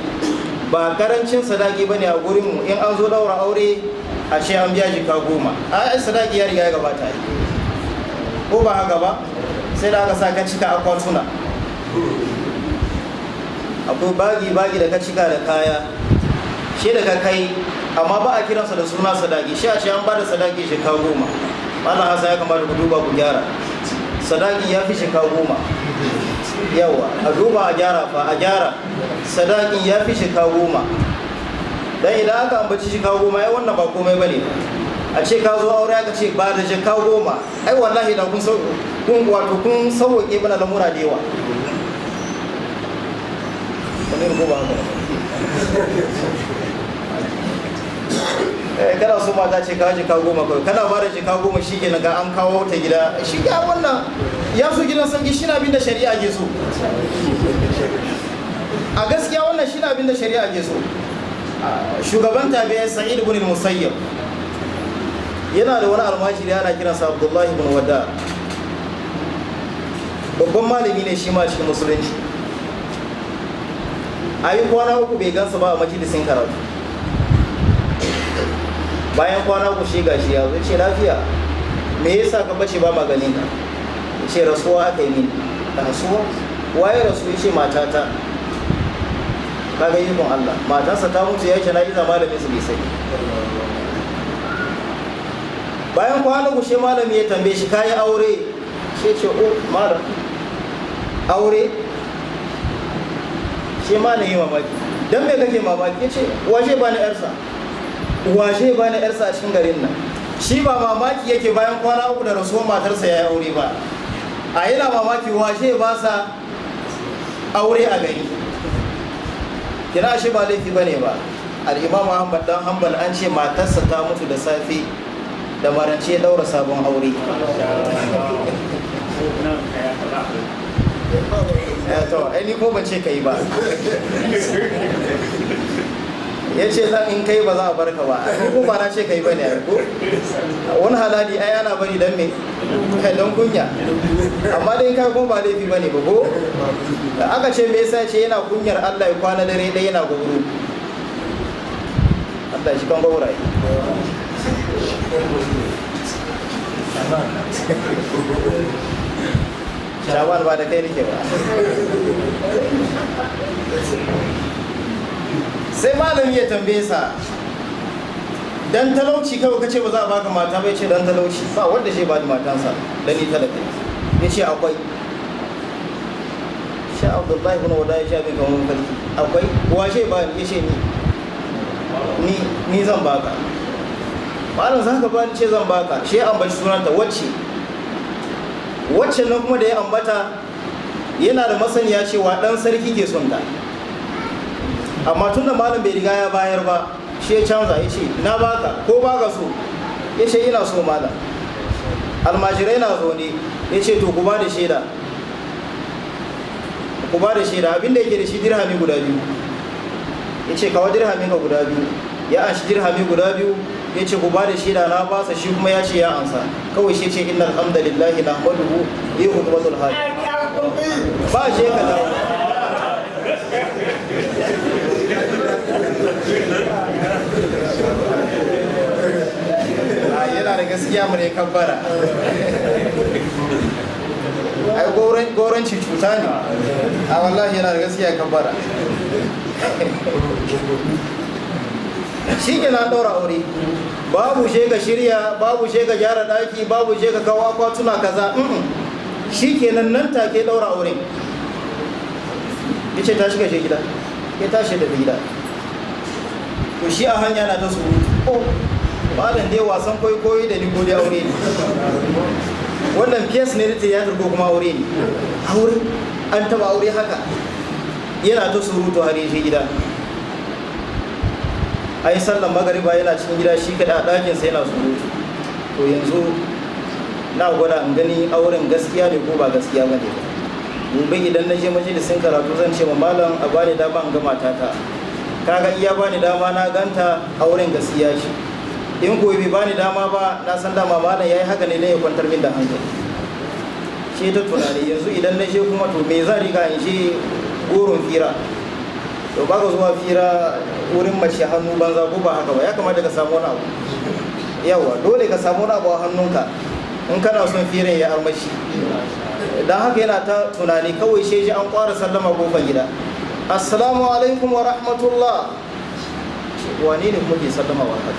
[SPEAKER 2] ba karancin sadaki bane a mu in an zo daura aure a ce an biya jika goma a sadaki ya riga ya gabata ko ba haka ba sai da aka sa ka cika akwatuna akwai bagi bagi da ka cika da kaya shi ka kai amma ba a kiransa da suna sadaki shi a ce an ba da sadaki shekara goma ana hasa ya kamata ku duba ku gyara sadaki ya fi shika goma yawa a duba a gyara fa a gyara sadaki ya fi shika goma dan idan aka ambaci shika goma ai wannan ba komai bane a ce ka zo aure aka ce ba da shika goma ai wallahi da kun sauko kun wato kun sauke da mura da yawa wani rubuwa ba Eh, kana so mata ce kawo jika goma kawai kana ba da jika goma shi kenan ga an kawo ta gida shi ga wannan ya so gidan sanki shi na bin da shari'a ke so a gaskiya wannan shi na bin da shari'a ke so shugaban tabi'in sa'id ibn musayyab yana da wani almaji da ana kiransa abdullahi ibn wadda babban malami ne shi ma cikin musulunci a yi kwana uku bai gansa ba a majalisin karatu bayan kwana ku shi gashi ya ce lafiya me yasa ka bace ba maganin ka ce rasuwa aka yi mini rasuwa waye rasu ya ce matata kaga yi Allah matarsa ta mutu ya ce na zama da su bai sai bayan kwana ku shi malami ya tambaye shi kayi aure shi ce o oh, malam aure shi malami mamaki dan me kake mamaki ya ce waje ba na yarsa washe ba na yarsa a cikin garin nan shi ba mamaki yake bayan kwana uku da rasuwar matarsa ya yi aure ba a yana mamaki washe ba sa aure a gari kira shi ba laifi ba ne ba al'imam ahmad dan hanbal an ce matarsa ta mutu da safe da marance ya daura sabon aure eh, to ai ni ko ban ce ka yi ba ya ce zan in kai ba za a barka ba ni ko ba na ce kai bane ko wani haladi ai ana bari dan me dan kunya amma dai ka kuma ba laifi bane ba ko aka ce me yasa ce yana kunyar Allah ya kwana dare dai yana goburu Allah shi kan gobura Shawar ba da kai nake ba. sai malami ya tambaye sa dan talauci kawai kace ba za a baka mata ba yace dan talauci ba wanda shi ba da matansa dan ni talaka yace akwai sha Abdullahi ibn Wada yace bin kamar farki akwai shi ba yace ni ni ni zan baka malam za ka ba ni ce zan baka shi ya ambaci sunanta wacce wacce nan kuma da ya ambata yana da masaniya cewa dan sarki ke son ta amma tun da malam bai riga ya bayar ba shi ya canza ya ce na baka ko ba ga so ya ce ina so malam almajirai na zo ne ya ce to ku ba da shaida ku ba da shaida abinda yake da shi dirhami guda biyu ya ce kawo dirhami ka guda biyu ya anshi dirhami guda biyu ya ce ku ba da shaida na sa shi kuma ya ce ya ansa kawai shi ce inna alhamdulillahi na maduhu yi hukumatul hajji ba shi ya ka yana da gaskiya mu ne bara. ai goranci cuta ne a wallahi yana da gaskiya kabbara shi ke na ɗora aure babu she ka shirya babu she ka gyara ɗaki babu she ka kawo akwatuna kaza shi kenan nan take ɗora aure ya ce ta shiga shi gida ya tashi da gida to shi a hanya na ta surutu ko oh, malam dai wasan kwaikwayo da ni aure ne wannan fiyas ne da tiyatar ko kuma aure ne aure an taba aure haka yana ta surutu har shi gida a yi sallan magariba yana cikin gida shi kada a ɗakinsa yana surutu to yanzu na gwada an gani auren gaskiya ne ko ba gaskiya ba ne gobe idan na je majalisin karatu zan ce ma malam a bani dama in ga matata kaga iya bani dama na ganta a wurin gaskiya shi in gobe bai bani dama ba na san dama Ya yi haka ne ne ya kwantar min da hankali shi ta tunani yanzu idan na je kuma to me za a riga in je goron fira to ba ka zuwa fira wurin mace hannu banza ko ba haka ba ya kamata ka samu wani abu yawa dole ka samu wani abu a hannunka in kana son firin ya armashi don haka yana ta tunani kawai shi an kwara sallama kofar gida assalamu alaikum wa rahmatullah wani ne kuma ke sallama wa haka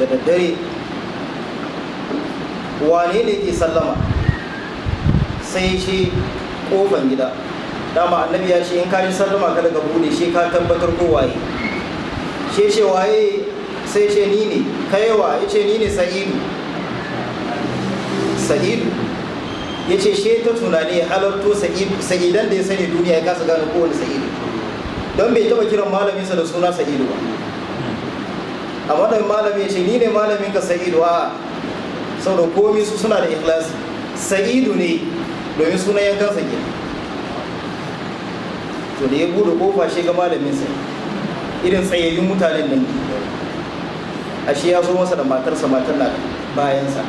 [SPEAKER 2] da daddare wani ne ke sallama sai shi kofan gida dama annabi ya ce in ka sallama ka daga bude shi ka tabbatar ko waye shi ce waye sai ce ni ne kaiwa ya ce ni ne sa'idu sa'idu ya ce shi ta tunani ya halarto sa'idan da ya sani duniya ya kasa gane kowane sa'idu don bai taba kiran malaminsa da suna sa'idu ba amma da malami ya ce ni ne malamin ka sa'idu a saboda komi su suna da ikhlasi sa'idu ne domin suna yankan sa ke to da ya bude kofa shi ga malamin sa irin tsayayyun mutanen nan ashe ya zo masa da matarsa matar na bayansa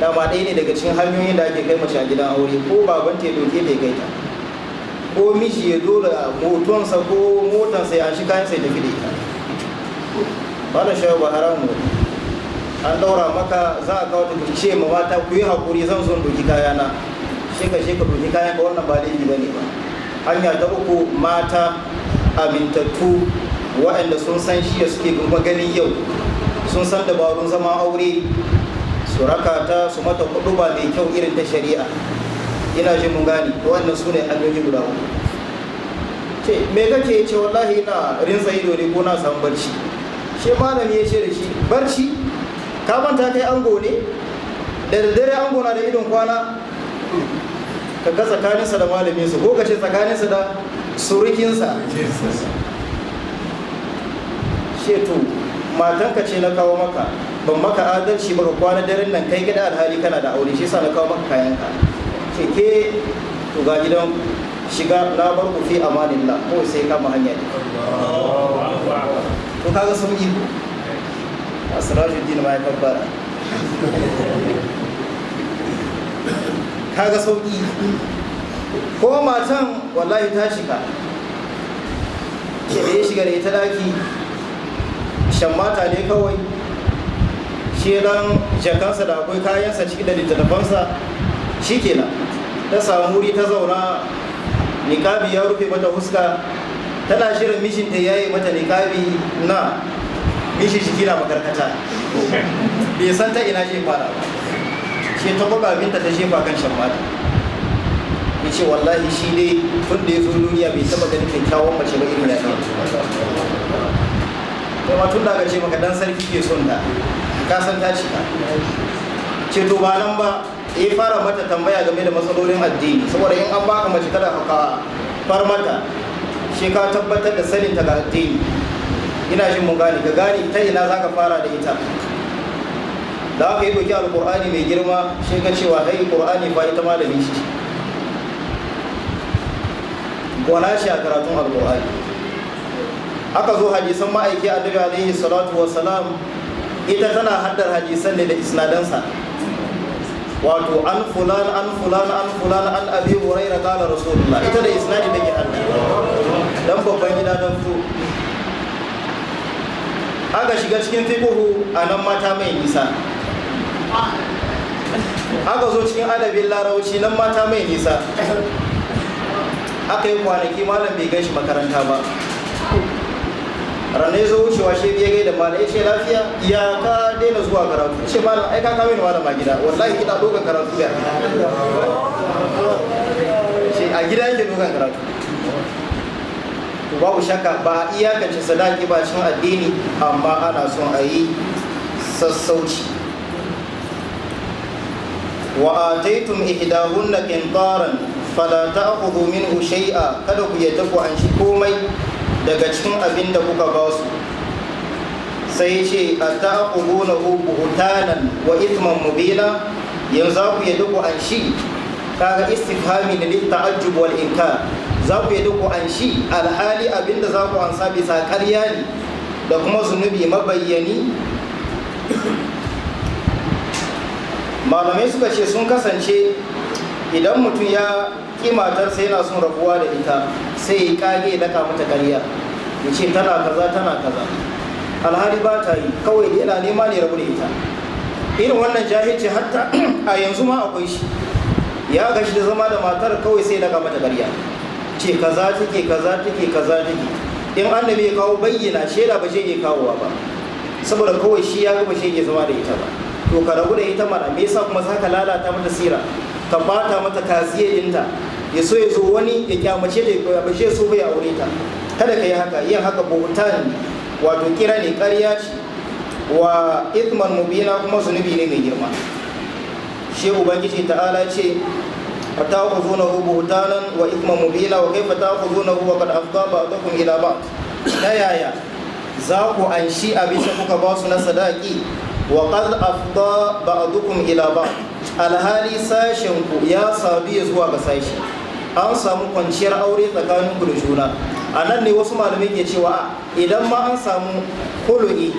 [SPEAKER 2] dama ɗaya ne daga cikin hanyoyin da ake kai mace a gidan aure ko baban ta doke bai kai ta ko miji ya dora hotonsa ko motansa ya shi kayan sai tafi da ita ba da shawo ba ne an daura maka za a kawo tafi ce ma mata ku yi haƙuri zan zo doki kayana shi ka shi ka doki kayan ka wannan ba laifi ba ne ba hanya ta uku mata amintattu waɗanda sun san shi da suke ganin yau sun san dabarun zama aure su raka ta su mata kudu ba mai kyau irin ta shari'a ina jin mun to wannan su ne hanyoyi guda uku ce me kake ce wallahi ina rinsa ido ne ko na samu barci she malami ya ce da shi barci ka manta kai ango ne da daddare ango na da idon kwana ka ga tsakaninsa da malaminsa ko ka ce tsakaninsa da surukinsa shetu matanka ce na kawo maka ban maka adalci ba ka kwana daren nan kai gida alhali kana da aure shi yasa na kawo maka kayanka ce ke to ga gidan shiga na bar ku fi amanillah ko sai mu hanya to kaga sauki ma ya kabbara kaga sauki ko matan wallahi ta shiga ke da ya shiga da ita daki shammata ne kawai shi nan jakansa da akwai kayansa ciki da littattafansa shi kenan ta samu wuri ta zauna niƙabi ya rufe mata huska tana shirin mijinta ya yi mata niƙabi na mishi shi na makarkata bai san ta ina shi fara shi ta kwaba binta ta shefa kan shammata ya ce wallahi shi dai tun da ya zo duniya bai taba ganin kyakkyawan mace ba irin ya kuma tun da aka ce maka dan sarki ke son da ka san ta shiga ce to ba nan ba ya eh, fara mata tambaya game da matsalolin addini saboda in an baka mace tana ka far mata shi ka tabbatar da sanin ta ga addini ina shi mun gane ka gane ta ina zaka fara da ita da aka yi doki alkur'ani mai girma shi ka cewa hai qur'ani ba ita malami shi gwana shi a karatun alkur'ani aka zo hadisan ma'aiki daga alaihi salatu wa salam ita tana haddar hadisan ne da isnadansa wato an fulan an fulan an fulan an abi hurairah qala rasulullah ita da isnadi da ke hadda dan babban gida dan fito aka shiga cikin fiqhu a nan mata mai nisa aka zo cikin adabin larauci nan mata mai nisa aka yi kwanaki malam bai gan shi makaranta ba ranar zo wucewa shi ya gaida malam ya ce lafiya ya ka daina zuwa karatu ce malam ai ka kawo ni malama gida wallahi kina dogon karatu ya ce a gida yake dogon karatu babu shakka ba a iyakance sadaki ba cin addini amma ana son a yi sassauci wa ataitum ihdahunna qintaran fala ta'khudhu minhu shay'a kada ku yadda ku an shi komai daga cikin abin da kuka ba su sai ce a ta'aquluna buhtanan wa mu mubina yanzu ku yadda ku an shi kaga istifhami da lil ta'ajjub wal za ku yadda ku an shi alhali da za ku ansa bisa karya ne da kuma zunubi mabayyani malamai suka ce sun kasance idan mutum ya ƙi matarsa yana son rabuwa da ita sai ya kage na mata ƙarya ya ce tana kaza tana kaza alhali ba ta yi kawai yana nema ne rabu da ita irin wannan jahilci hatta a yanzu ma akwai shi ya gashi da zama da matar kawai sai daga mata ƙarya ce kaza take kaza take kaza take in annabi ya kawo bayyana shaida ba shi kawowa ba saboda kawai shi ya gaba shi zama da ita ba to ka rabu da ita mana me yasa kuma ka lalata mata sira ka bata mata kaziye dinta ya so ya zo wani ya kyamace da ya bashe so bai aure ta kada ka yi haka yin haka buhutan wato kira ne ƙarya ce wa ithman mubina kuma zunubi ne mai girma shi ubangiji ta'ala ce fata'khuzunahu buhtanan wa ithman mubina wa kaifa ta'khuzunahu wa qad afdha ba'dakum ila ba'd ta yaya za ku anshi abin da kuka ba su na sadaki wa qad afdha ba'dakum ila ba'd alhali sashen ku ya sabi zuwa ga sashi an samu kwanciyar aure tsakanin ku da juna a nan ne wasu malamai ke cewa idan ma an samu kulu'i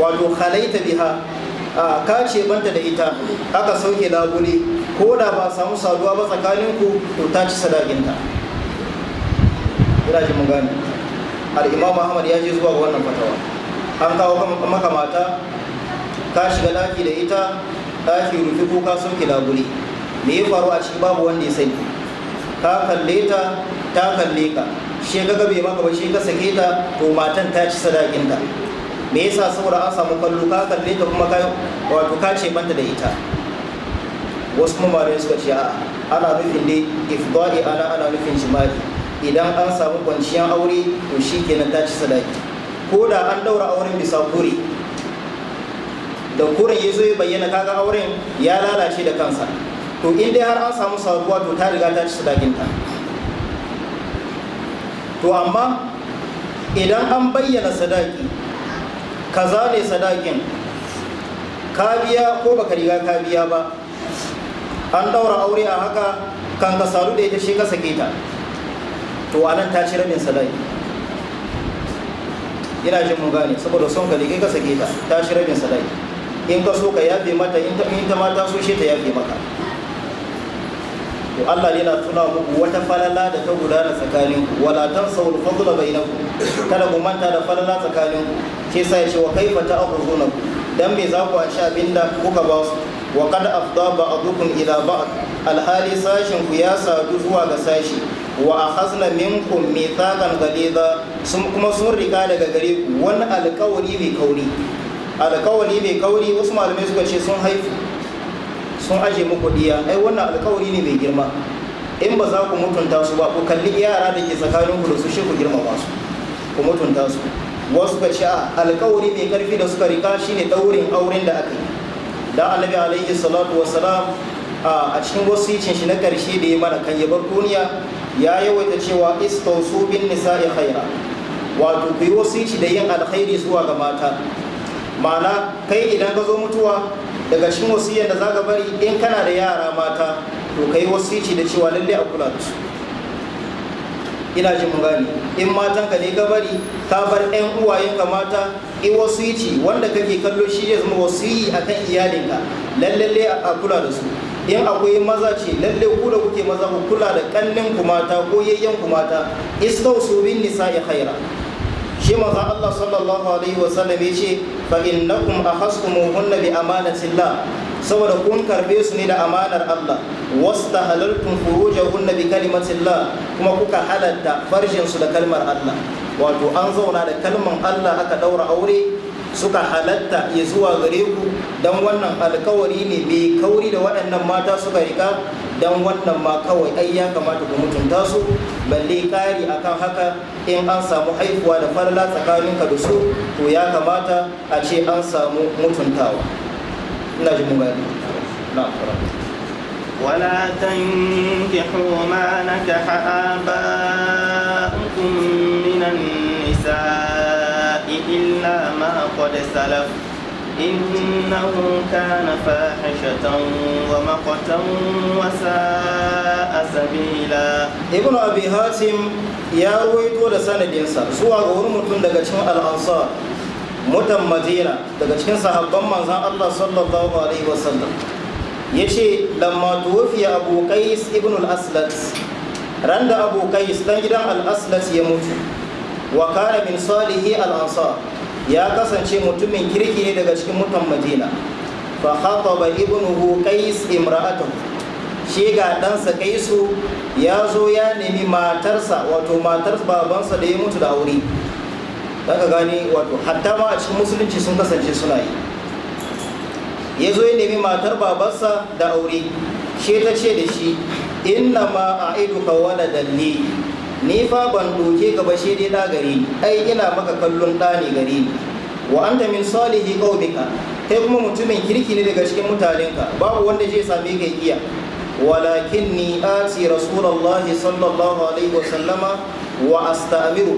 [SPEAKER 2] wato halaita biha a ka banta da ita aka sauke labule ko da ba samu saduwa ba tsakanin ku to ta ci sadakinta ina ji mun gane har imam Ahmad ya je zuwa wannan fatawa an kawo maka mata ka shiga daki da ita daki rufi ko ka sauke labule me ya faru a ciki babu wanda ya sani ka kalle ta ta kalle ka shi ga bai maka ba shi ka sake ta to matan ta ci sadakin ta me yasa saboda an samu kallo ka kalle ta kuma ka wato ka ce manta da ita wasu kuma malamai suka ce a'a ana nufin dai ifdali ana ana nufin jima'i idan an samu kwanciyar aure to shi kenan ta ci sadaki ko da an daura auren bisa kuri da kuren ya zo ya bayyana kaga auren ya lalace da kansa to in dai har an samu sabuwa to ta riga ta ci sadakinta to amma idan an bayyana sadaki kaza ne sadakin ka biya ko baka riga ka biya ba an daura aure a haka kan ka saru da ita shi ka sake ta to anan ta ci rabin sadaki ina jin mun gane saboda son ka kai ka sake ta ta ci rabin sadaki in ka so ka yafe mata in ta mata so shi ta yafe maka to Allah yana tuna muku wata falala da ta gudana tsakanin ku wala tansawul fadla bainakum kada ku manta da falala tsakanin ku ke sai ce wa kaifa ta'khuduna dan me za ku sha binda kuka ba su wa kad afda ba'dukum ila ba'd alhali sashin ku ya sadu zuwa ga sashi wa akhazna minkum mithaqan ghalidha sun kuma sun riga daga gare ku wani alkawari mai kauri alkawari mai kauri wasu malamai suka ce sun haifu sun aje muku diya ai wannan alkawari ne mai girma in ba za ku mutunta su ba ku kalli yara da ke tsakanin ku da su shi ku ba su ku mutunta su wasu ka ce a alkawari mai karfi da suka rika shine daurin auren da aka yi da annabi alaihi salatu wassalam a cikin wasicin shi na karshe da ya mana kan bar duniya ya yawaita cewa istausu bin nisa'i khaira wato ku yi wasici da yin alkhairi zuwa ga mata ma'ana kai idan ka zo mutuwa daga cikin wasiyar da zaka bari in kana da yara mata to kai wasici da cewa lalle a kula da su ina jin gani in matan ka ne ka bari ka bar yan uwayen ka mata in wasici wanda kake kallo shi zai zama wasiyi kan iyalinka lalle a kula da su in akwai maza ce lallai ku da kuke maza ku kula da kallin ku mata ko yayyan ku mata istausu bin nisa'i khaira shi manzon Allah sallallahu alaihi wasallam yace fa a akhastumuhunna bi amanatillah saboda kun karbe su ne da amanar Allah wasta halartun furujahunna bi kalimatillah kuma kuka halatta farjin su da kalmar Allah wato an zauna da kalmar Allah aka daura aure suka halatta ya zuwa gare ku don wannan alkawari ne mai kauri da waɗannan mata suka rika don wannan ma kawai ai ya kamata ku mutunta su balle kari akan haka in an samu haihuwa da farla ka da su to ya kamata a ce an samu mutuntawa ina ji mun ولا
[SPEAKER 1] تنكحوا ما نكح آباؤكم إلا ما قد سلف إنه كان فاحشة ومقتا وساء
[SPEAKER 2] سبيلا ابن أبي هاتم يا سوى غرمة الأنصار mutan madina daga cikin sahabban manzan Allah sallallahu alaihi wasallam ya ce lamma tuwafiya abu qais ibn al-aslat ran da abu dan gidan al ya mutu wa min salihi al ya kasance mutumin kirki ne daga cikin mutan madina fa khataba ibnuhu qais imra'atuhu shi ga ɗansa kaisu ya zo ya nemi matarsa wato matar babansa da ya mutu da aure daga gani wato hatta ma a cikin musulunci sun kasance suna yi ya zo ya nemi matar babansa da aure shi ta ce da shi inna ma a iduka da dalili ni fa ban doke ka ba shi dai da gari ai ina maka kallon da ne gari wa anta min salihi qaumika kai kuma mutumin kirki ne daga cikin mutanenka babu wanda zai same ka iya walakinni ati rasulullahi sallallahu alaihi wa sallama wa astamiru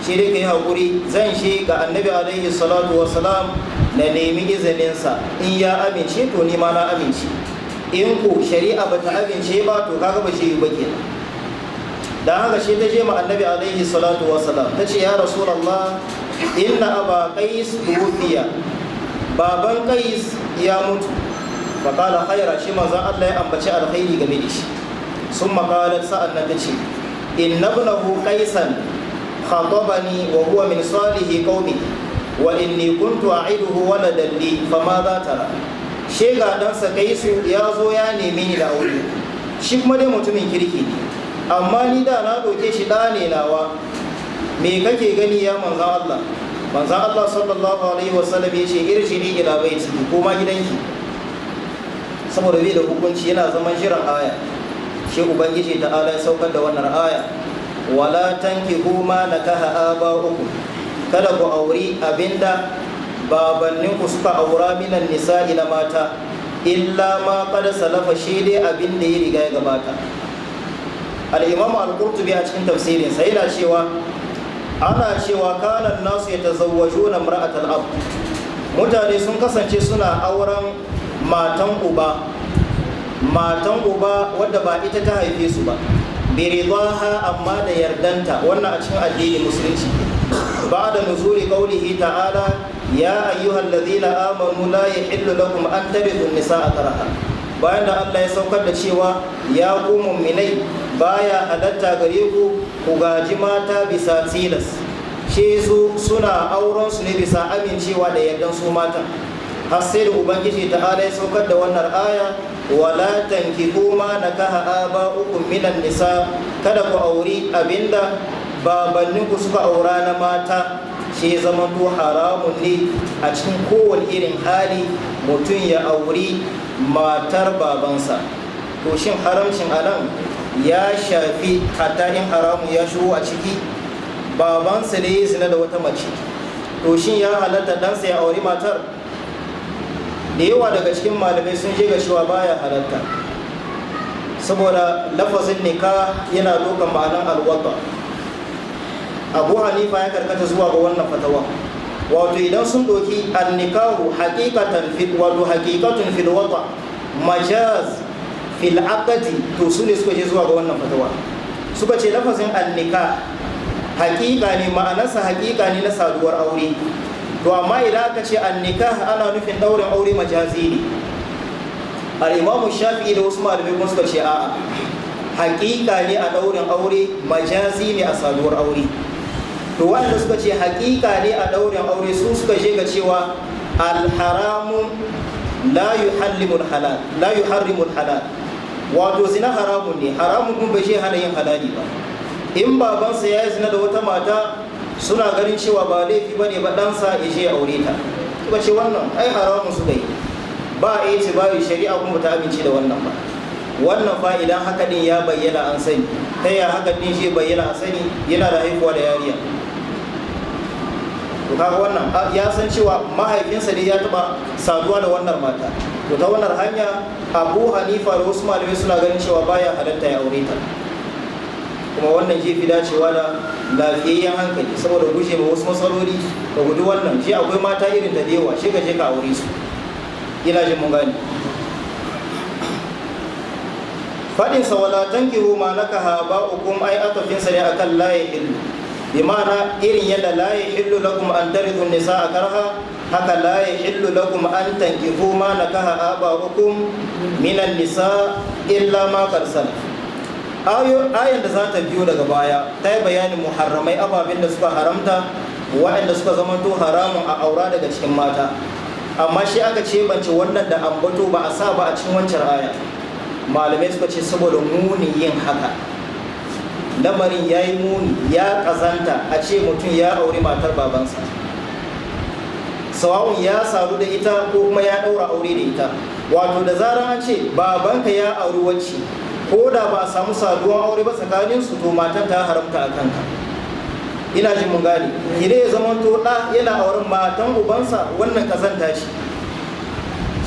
[SPEAKER 2] shi dai kai hakuri zan shi ga annabi alaihi salatu wa salam na nemi izinin sa. in ya amince to ni ma na amince in ko shari'a bata amince ba to kaga ba shi ba kenan da haka shi ta je ma annabi alaihi salatu wa salam. ta ce ya rasulallah inna aba qais tuwfiya baban qais ya mutu fa qala khaira shi manzon Allah ya ambaci alkhairi game da shi summa qalat sa'an nan tace inna ibnahu qaisan khatabani wa huwa min salihi qaumi wa inni kuntu a'iduhu waladan li fama za tara za ga dan sa kaisu ya zo ya nemi ni da aure shi kuma dai mutumin kirki ne amma ni da na ɗauke shi ɗa ne nawa me kake gani ya manzan Allah manzan Allah sallallahu alaihi wasallam ya ce irshidi ila ciki ko ma gidanki saboda bai da hukunci yana zaman shirin aya shi ubangiji ta ala ya saukar da wannan aya wala na ma nakaha uku kada ku auri abinda babanninku suka aura minan nisa na mata illa ma kada salafa shi dai abinda ya riga ya gabata al-imam a cikin tafsirin sai yana cewa ana cewa kana nasu yatazawwajuna mura'atar ab mutane sun kasance suna auren matan uba matan uba wadda ba ita ta haife su ba biridhaha amma da yardanta wannan a cikin addinin musulunci Ba da nuzuri qawlihi ta'ala ya ayyuhal ladhina amanu la yahillu lakum an tarithu an-nisaa karaha bayan da Allah ya saukar da cewa ya ku minai baya halatta gare ku ku gaji mata bisa tilas shi su suna auren su ne bisa amincewa da yardan su mata har sai da ubangiji ta ala ya saukar da wannan aya wala tanki kuma na ma ba uku minan nisa kada ku auri abinda ku suka aura na mata shi zama to haramun ne a cikin kowane irin hali mutum ya auri matar babansa to shin haramcin anan ya shafi hatta in haramu ya shigo a ciki babansa ne ya zina da wata mace to shin ya halatta ɗansa ya auri matar da yawa daga cikin malamai sun je ga cewa baya halatta saboda lafazin nika yana dokan ma'anan alwata abu hanifa ya karkata zuwa ga wannan fatawa wato idan sun ɗauki annikahu haƙiƙatan wato haƙiƙatun fil wata majaz fil to su ne suka je zuwa ga wannan fatawa suka ce lafazin annika haƙiƙa ne ma'anarsa haƙiƙa ne na saduwar aure to amma idan aka ce annika ana nufin ɗaurin aure majazi ne al Shafi shafi'i da wasu malamai kuma suka ce a'a haƙiƙa ne a ɗaurin aure majazi ne a saduwar aure to wanda suka ce hakika ne a daurin aure su suka je ga cewa alharamu la yuhallimul halal la yuharrimul halal wato zina haramun ne haramun kun bai hana yin halali ba in babansa ya yi zina da wata mata suna ganin cewa ba laifi ba ne ba ɗansa ya je aure ta suka ce wannan ai haramun suka yi ba a yi tibari shari'a kuma ta amince da wannan ba wannan fa idan haka ne ya bayyana an sani ta yaya haka ne shi bayyana an sani yana da haihuwa da yariya to ga wannan ya san cewa mahaifinsa ne ya taba saduwa da wannan mata to ta wannan hanya abu hanifa da wasu malamai suna ganin cewa baya halatta ya aure ta kuma wannan jefi dacewa da lafiyayyen hankali saboda guje ma wasu matsaloli da guji wannan shi akwai mata irin ta da shi ka je ka aure su ina jin mun gani fadin sa wala tankihu ma nakaha ba'ukum ai atafinsa ne akan la yahillu bi ma'ana irin yadda la hillu lakum an tarithu nisaa karha haka la hillu lakum an tankihu ma nakaha abakum minan nisa illa ma qad ayan da za ta biyo daga baya ta yi bayanin muharramai ababen da suka haramta waɗanda suka zamanto haramun a aura daga cikin mata amma shi aka ce bance wannan da ambato ba a sa ba a cikin wancan aya malamai suka ce saboda munin yin haka lamarin ya yi muni ya kazanta, a ce mutum ya auri matar babansa Sawawun ya sadu da ita ko kuma ya ɗaura aure da ita wato da zarar a ce babanka ya auri wacce ko da ba a samu saduwan aure ba tsakanin su to matan ta haramta a kanka ina jin mun gane kire ya zama to ɗa yana auren matan ubansa wannan kazanta ce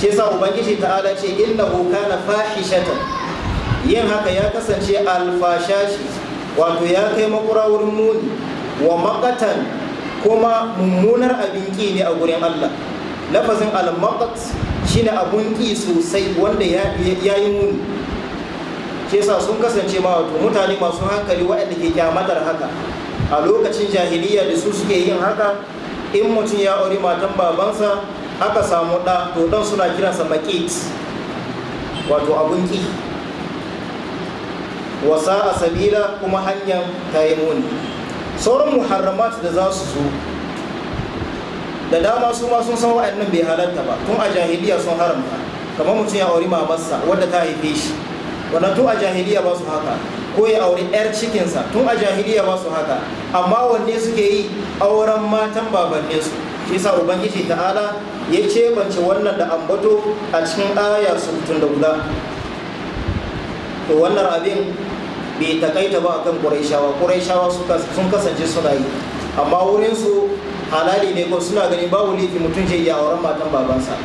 [SPEAKER 2] ke sa ubangiji ta'ala ce inna kana fahishatan yin haka ya kasance alfashashi wato ya kai makura wurin muni wa makatan kuma mummunar abin ƙi ne a gurin Allah lafazin al-maqat shine abun ƙi sosai wanda ya yi muni ke sa sun kasance ma wato mutane masu hankali waɗanda ke kyamatar haka a lokacin jahiliya da su suke yin haka in mutum ya auri matan babansa aka samu ɗa to ɗan suna kiransa maƙit wato abun ƙi wasa a sabila kuma hanyar ta muni sauran muharramat da za su zo da dama su ma sun san wa'annan bai halarta ba tun a jahiliya sun haramta kamar mutum ya auri mamarsa wadda ta haife shi wanda tun a jahiliya ba su haka ko ya auri 'yar cikinsa tun a jahiliya ba su haka amma wanne suke yi auren matan babanne su, shi sa ubangiji ta'ala ya ce cebance wannan da ambato a cikin aya su tun da guda to wannan abin bai takaita ba akan ƙuraishawa ƙuraishawa sun kasance suna yi amma wurin su halali ne ko suna ganin babu laifi mutum zai iya auren matan babansa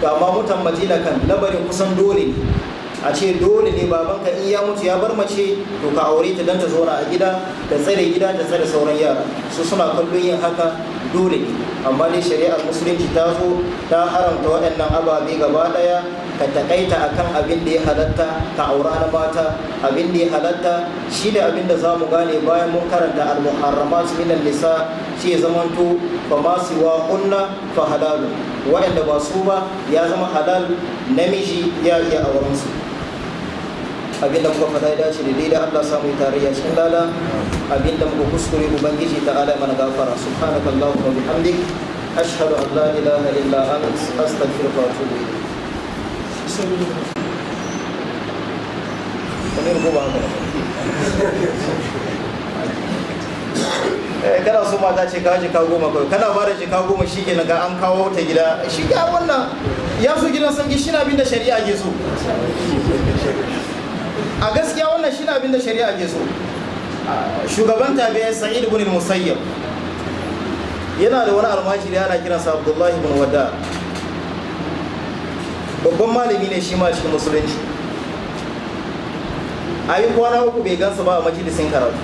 [SPEAKER 2] to amma mutan madina kan labarin kusan dole ne a ce dole ne babanka in ya mutu ya bar mace to ka aure ta dan ta zauna a gida ta tsare gida ta tsare sauran yara su suna kallon yin haka dole ne amma dai shari'ar musulunci ta zo ta haramta waɗannan ababe gaba ɗaya ka takaita akan abin da ya halatta ka aura na mata abin da ya halatta shi ne abin da za mu gane bayan mun karanta al-muharramat minan nisa shi ya to fa ma siwa kunna fa halalu wa'anda ba su ba ya zama halal namiji ya iya auren su da muka fada ya dace da da Allah samu tarayya cikin lala da muka kuskure ubangiji ta ala mana gafara subhanakallahumma bihamdik ashhadu an la ilaha illa anta astaghfiruka wa atubu ilayk Eh, kana so mata ce kawo jika goma kawai kana ba da kawo goma shi kenan ga an kawo ta gida shi ga wannan ya so gidan sanki shi na bin da shari'a ke so a gaskiya wannan shi na bin da shari'a ke so shugaban tabi'in sa'id ibn musayyab yana da wani almajiri ana kiransa abdullahi ibn wada' babban malami ne shi ma cikin musulunci a yi kwana uku bai gansa ba a majalisin karatu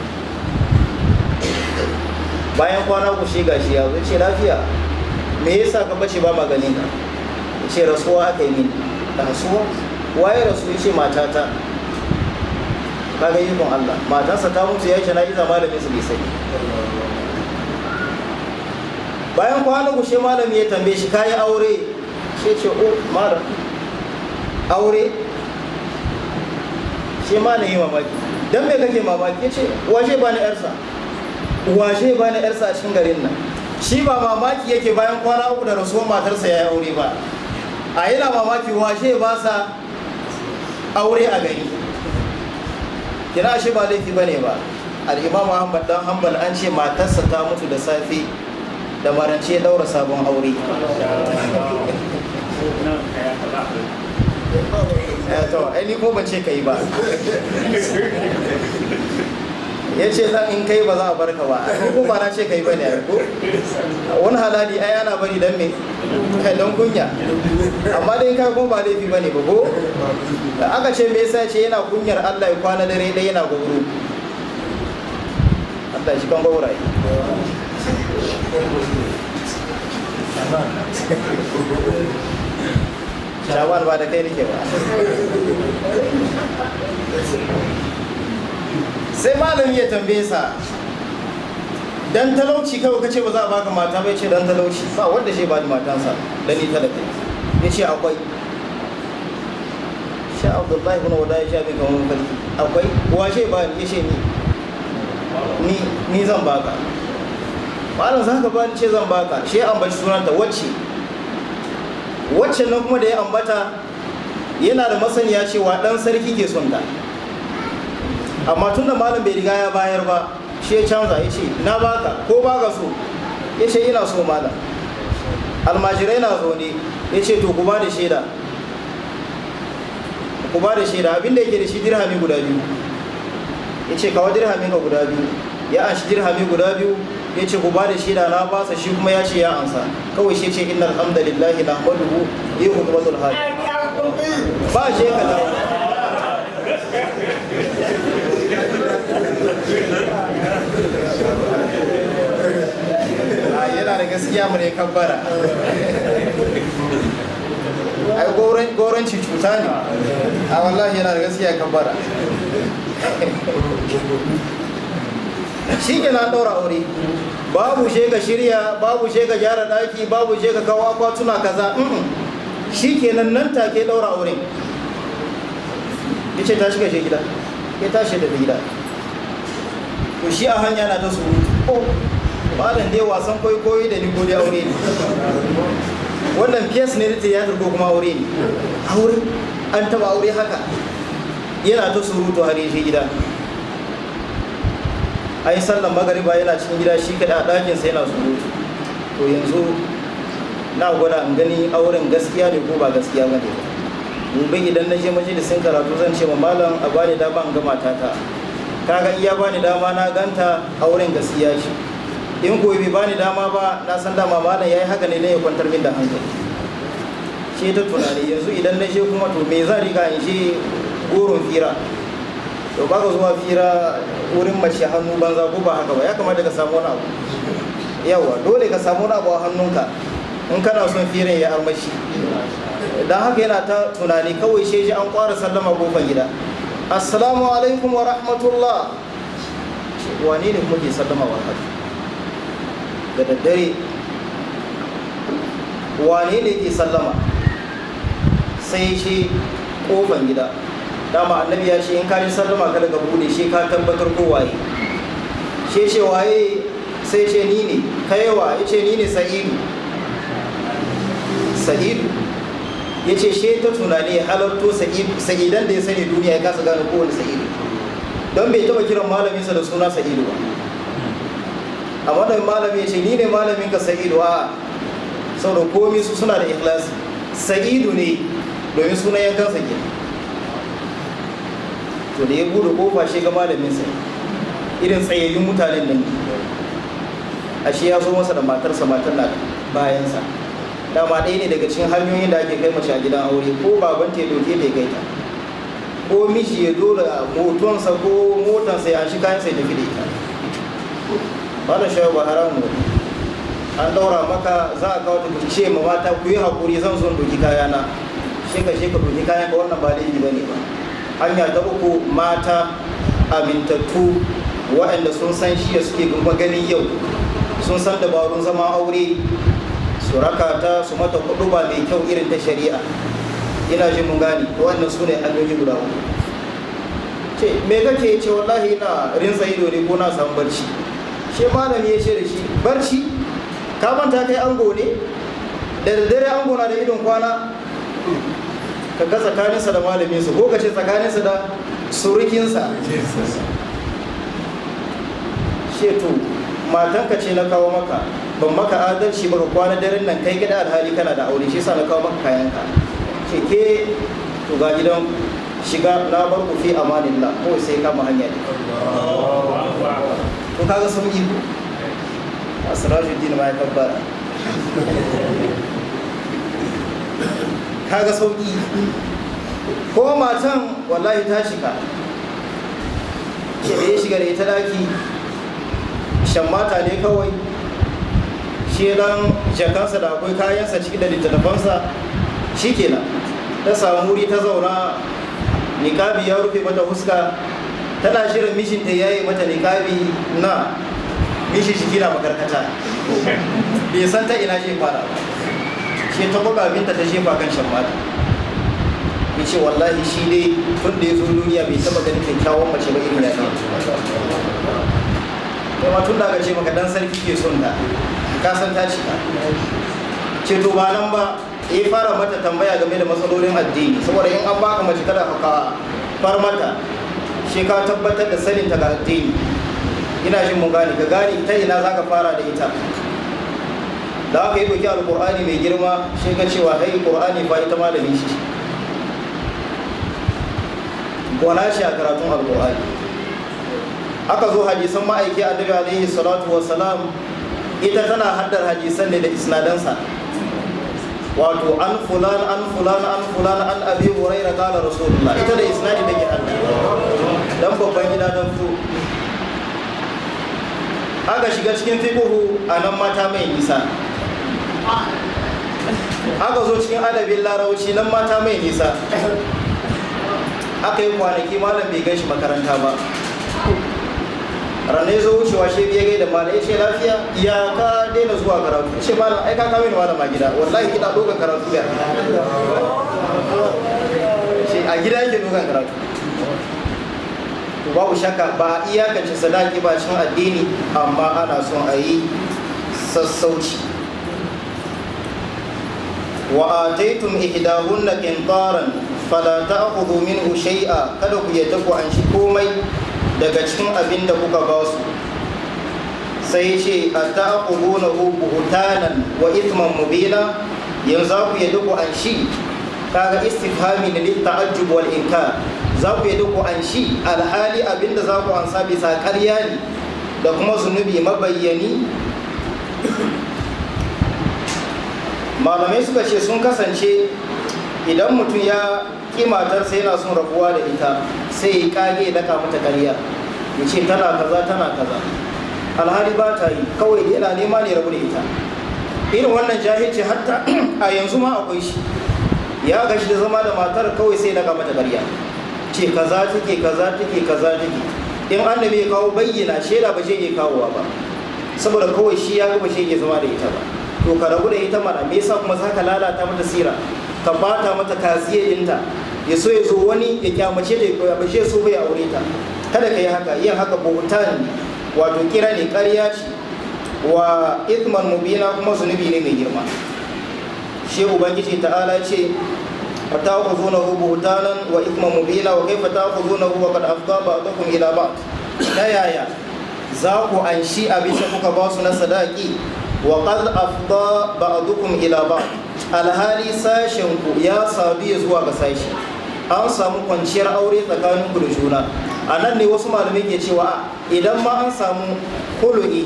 [SPEAKER 2] bayan kwana uku shi gashi ya ce lafiya me yasa ka bace ba maganin ka ce rasuwa aka yi mini rasuwa waye rasu ya ce matata ga ikon Allah matansa ta mutu ya ce na zama da su bai sai bayan kwana gushe malami ya tambaye shi kayi aure shi ce o oh, malam aure shi ma na yi mamaki don me kake mamaki ce washe ba na yarsa washe ba na yarsa a cikin garin nan shi ba mamaki yake bayan kwana uku da rasuwar matarsa ya yi aure ba a yana mamaki washe ba sa aure a gari kira shi ba laifi ba ne ba al'imam ahmad dan hanbal an ce matarsa ta mutu da safe da marance daura sabon aure Eh, ai ni ko ba ce yi ba ya ce za in kai ba za a barka ba ni ko ba na ce kai ba ne ko wani halali ai ana bari dan me kai don kunya amma dai ka kuma ba laifi bane ba ko aka ce me yasa ce yana kunyar Allah ya kwana dare dai yana gogoro Allah shi kan gogorai shawar ba da kai nake ba sai malami ya tambaye sa dan talauci kawai kace ba za a baka mata ba ce dan talauci ba wanda shi ba da matansa dan ni talaka ya ce akwai sha abdullahi ibn wada ya sha bin kamar mafarki akwai washe ba ya ce ni ni ni zan baka malam za ka ba ni ce zan baka shi an bar sunanta wacce wacce nan kuma da ya ambata yana da masaniya cewa ɗan sarki ke son ta amma tun da malam bai riga ya bayar ba shi ya canza ya ce na baka ko ba ga so ya ce ina so malam almajirai na zo ne ya ce to ku ba da shaida ku ba da shaida abinda yake da shi dirhami guda biyu ya ce kawo dirhami ga guda biyu ya an shi dirhami guda biyu ya ce ku ba da na basa shi kuma ya ce ya amsa kawai shi ce inna alhamdulillahi na maduhu yi hukumatul hajj ba shi ya da yana da gaskiya mu ne kabbara ai goranci cuta ne a wallahi yana da gaskiya kabbara shi ke na ɗaura aure babu she ka shirya babu she ka gyara ɗaki babu she ka kawo akwatuna kaza shi ke nan take ɗaura aure ya ce ta shiga shi gida ya shi da gida to shi a hanya na ta su ko oh, malam dai wasan kwaikwayo da nigodi aure ne wannan fiyas ne ta ya turko kuma aure ne aure an taba aure haka yana ta surutu har shi gida ai sallan magariba yana cikin gida shi kada a ɗakin sa yana surutu to yanzu na gwada in gani auren gaskiya ne ko ba gaskiya ba ne gobe idan na je majalisin karatu zan ce ma malam a bani dama in ga matata kaga iya bani dama na ganta auren gaskiya ce in gobe bai bani dama ba na san dama malam yayi haka ne ya kwantar min da hankali ce ta tunani yanzu idan na je kuma to me za riga in je goron fira to ba ka zuwa fira wurin mace hannu banza ko ba haka ba ya kamata ka samu wani abu yawa dole ka samu wani abu a hannunka in kana son firin ya armashi don haka yana ta tunani kawai sheji an kwara sallama kofar gida assalamu alaikum wa rahmatullah wane ne kuma ke sallama wa haka da daddare wane ne ke sallama sai shi kofan gida dama annabi ya ce in ka ji sallama ka daga bude shi ka tabbatar ko waye shi ce waye sai ce ni ne kaiwa ya ce ni ne sa'idu sa'idu ya ce shi ta tunani ya halarto sa'idan da ya sani duniya ya kasa gane kowane sa'idu don bai taba kiran malaminsa da suna sa'idu ba a da malami ya ce ni ne malamin ka sa'idu a saboda komi su suna da ikhlasi sa'idu ne domin sunan yankan sa kenan to da ya bude kofa shi ga malaminsa irin tsayayyun mutanen nan ashe ya zo masa da matarsa matar na bayansa dama ɗaya ne daga cikin hanyoyin da ake kai mace a gidan aure ko baban ta ya doke da ya ko miji ya dole hotonsa ko motansa ya shi kayan sai tafi da ita ba da shayo ba ne an daura maka za a kawo ta ce ma mata ku yi haƙuri zan zo doki kayana shi ka shi ka doki kayan ka wannan ba laifi ba ne ba hanya ta uku mata amintattu waɗanda sun san shi da suke gumba ganin yau sun san dabarun zama aure su raka ta su mata kudu ba mai kyau irin ta shari'a ina jin mun gane waɗanda su ne hanyoyi guda uku ce me kake ce wallahi ina rinsa ido ne ko na samu barci shi malami ya ce da shi barci ka manta kai ango ne da daddare ango na da idon kwana ka ga tsakaninsa da malaminsa ko ka ce tsakaninsa da surukinsa ce to matanka ce na kawo maka ban maka adalci ba ka kwana daren nan kai gida alhali kana da aure shi yasa na kawo maka kayanka ce ke to ga gidan shiga na bar ku fi amanillah ko sai ka mu hanya ne to kaga sauki asirajuddin ma ya tabbata kaga sauki ko matan wallahi ta shiga ke da ya shiga da ita daki shan mata ne kawai shi nan jakansa da akwai kayansa ciki da littattafansa shi kenan ta samu wuri ta zauna niƙabi ya rufe mata huska tana shirin mijinta ya yayi mata niƙabi na mishi shi na makarkata bai san ta ina shi fara ba sai ta buga abinta ta shefa kan shammata ya ce wallahi shi dai tun da ya zo duniya bai taba ganin kyakkyawan mace ba irin ya kai ma tun da aka ce maka dan sarki ke son da ka san ta shiga ce to ba nan ba ya fara mata tambaya game da matsalolin addini saboda in an baka mace kada ka far mata shi ka tabbatar da sanin ta ga addini ina jin mun gane ka gane ta ina zaka fara da ita da aka yi doki alkur'ani mai girma shi ka cewa hai ƙur'ani fa ita malami shi gona shi a karatun alkur'ani aka zo hadisan ma'aiki annabi alaihi salatu wa salam ita tana haddar hadisan ne da isnadansa wato an fulan an fulan an fulan an abi hurairah qala rasulullah ita da isnadi da ke haddar dan babban gida dan fito aka shiga cikin fiqhu a nan mata mai nisa aka zo cikin adabin larauci nan mata mai nisa aka yi kwanaki malam bai gan shi makaranta ba ranar zo wucewa shi biya da malam ya ce lafiya ya ka daina zuwa karatu ce malam ai ka kawo ni malama gida wallahi kina dogon karatu ya ce a gida yake dogon karatu babu shakka ba iyakance sadaki ba cin addini amma ana son a yi sassauci وآتيتم إحداهن قنطارا فلا تأخذوا منه ushai'a kada ku yadda ku an shi komai daga cikin abin da kuka ba su sai ce a ta'aqubuna buhtanan wa mu mubina yanzu ku yadda ku an shi kaga istifhami ne lit ta'ajjub wal inkar za ku yadda ku an shi alhali abin da za ku ansa bisa ƙarya ne da kuma zunubi mabayyani malamai suka ce sun kasance idan mutum ya ƙi matarsa yana son rabuwa da ita sai ya kage daka mata ya ce tana kaza tana kaza alhali ba ta yi kawai yana nema ne rabu da ita irin wannan jahilci hatta a yanzu ma akwai shi ya gashi da zama da matar kawai sai daka mata karya ce kaza take kaza take kaza take in da ya kawo bayyana shaida ba shi iya kawowa ba saboda kawai shi ya ga shi zai zama da ita ba to ka rabu da ita mara me yasa kuma ka lalata mata sira ka bata mata kaziye dinta ya so ya zo wani ya kyamace da ya bashe so bai aure ta kada ka yi haka yin haka buhutan wato kira ne ƙarya ce wa ithman mubina kuma zunubi ne mai girma shi ubangiji ta'ala ce wa wa فتأخذونه بهتانا وإثما مبينا وكيف تأخذونه وقد أفضى بعضكم إلى بعض لا يا يا زاكو kuka ba su na sadaki? wa qad afda ba'dukum ila ba'd alhali sashen ku ya sabi zuwa ga sashi an samu kwanciyar aure tsakanin ku da juna a nan ne wasu malamai ke cewa idan ma an samu hulu'i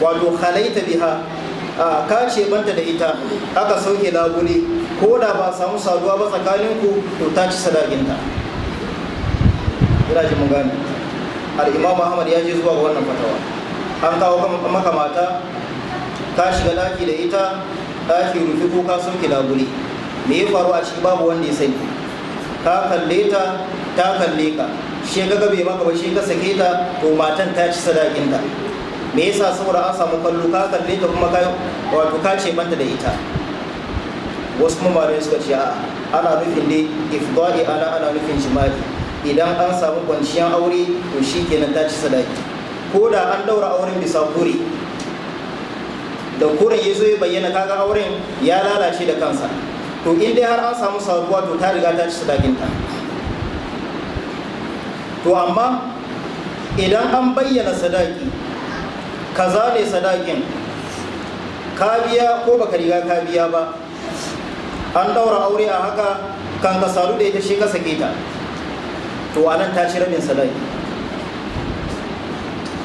[SPEAKER 2] wato halaita biha a ka banta da ita aka sauke labule ko da ba samu saduwa ba tsakanin ku to ta ci sadakinta ina ji mun gane al-imam Ahmad ya je zuwa ga wannan fatawa an kawo maka mata ka shiga laki da ita ɗaki rufe ko ka soke labule me ya faru a ciki babu wanda ya sani ka kalle ta ta kalle ka shi gaga bai maka ba shi ka sake ta ko matan ta ci sadakin ta me yasa saboda an samu kallo ka kalle ta kuma ka wato ka ce manta da ita wasu kuma suka ce a'a ana nufin dai ifdai ana ana nufin jima'i idan an samu kwanciyar aure to shi kenan ta ci sadaki ko da an daura auren bisa kure da kuren ya zo ya bayyana kaga auren ya lalace da kansa to in dai har an samu sabuwa to ta riga ta ci sadakinta to amma idan an bayyana sadaki kaza ne sadakin ka biya ko baka riga ka biya ba an daura aure a haka kan ka saru da ita shi ka sake ta to anan ta ci rabin sadaki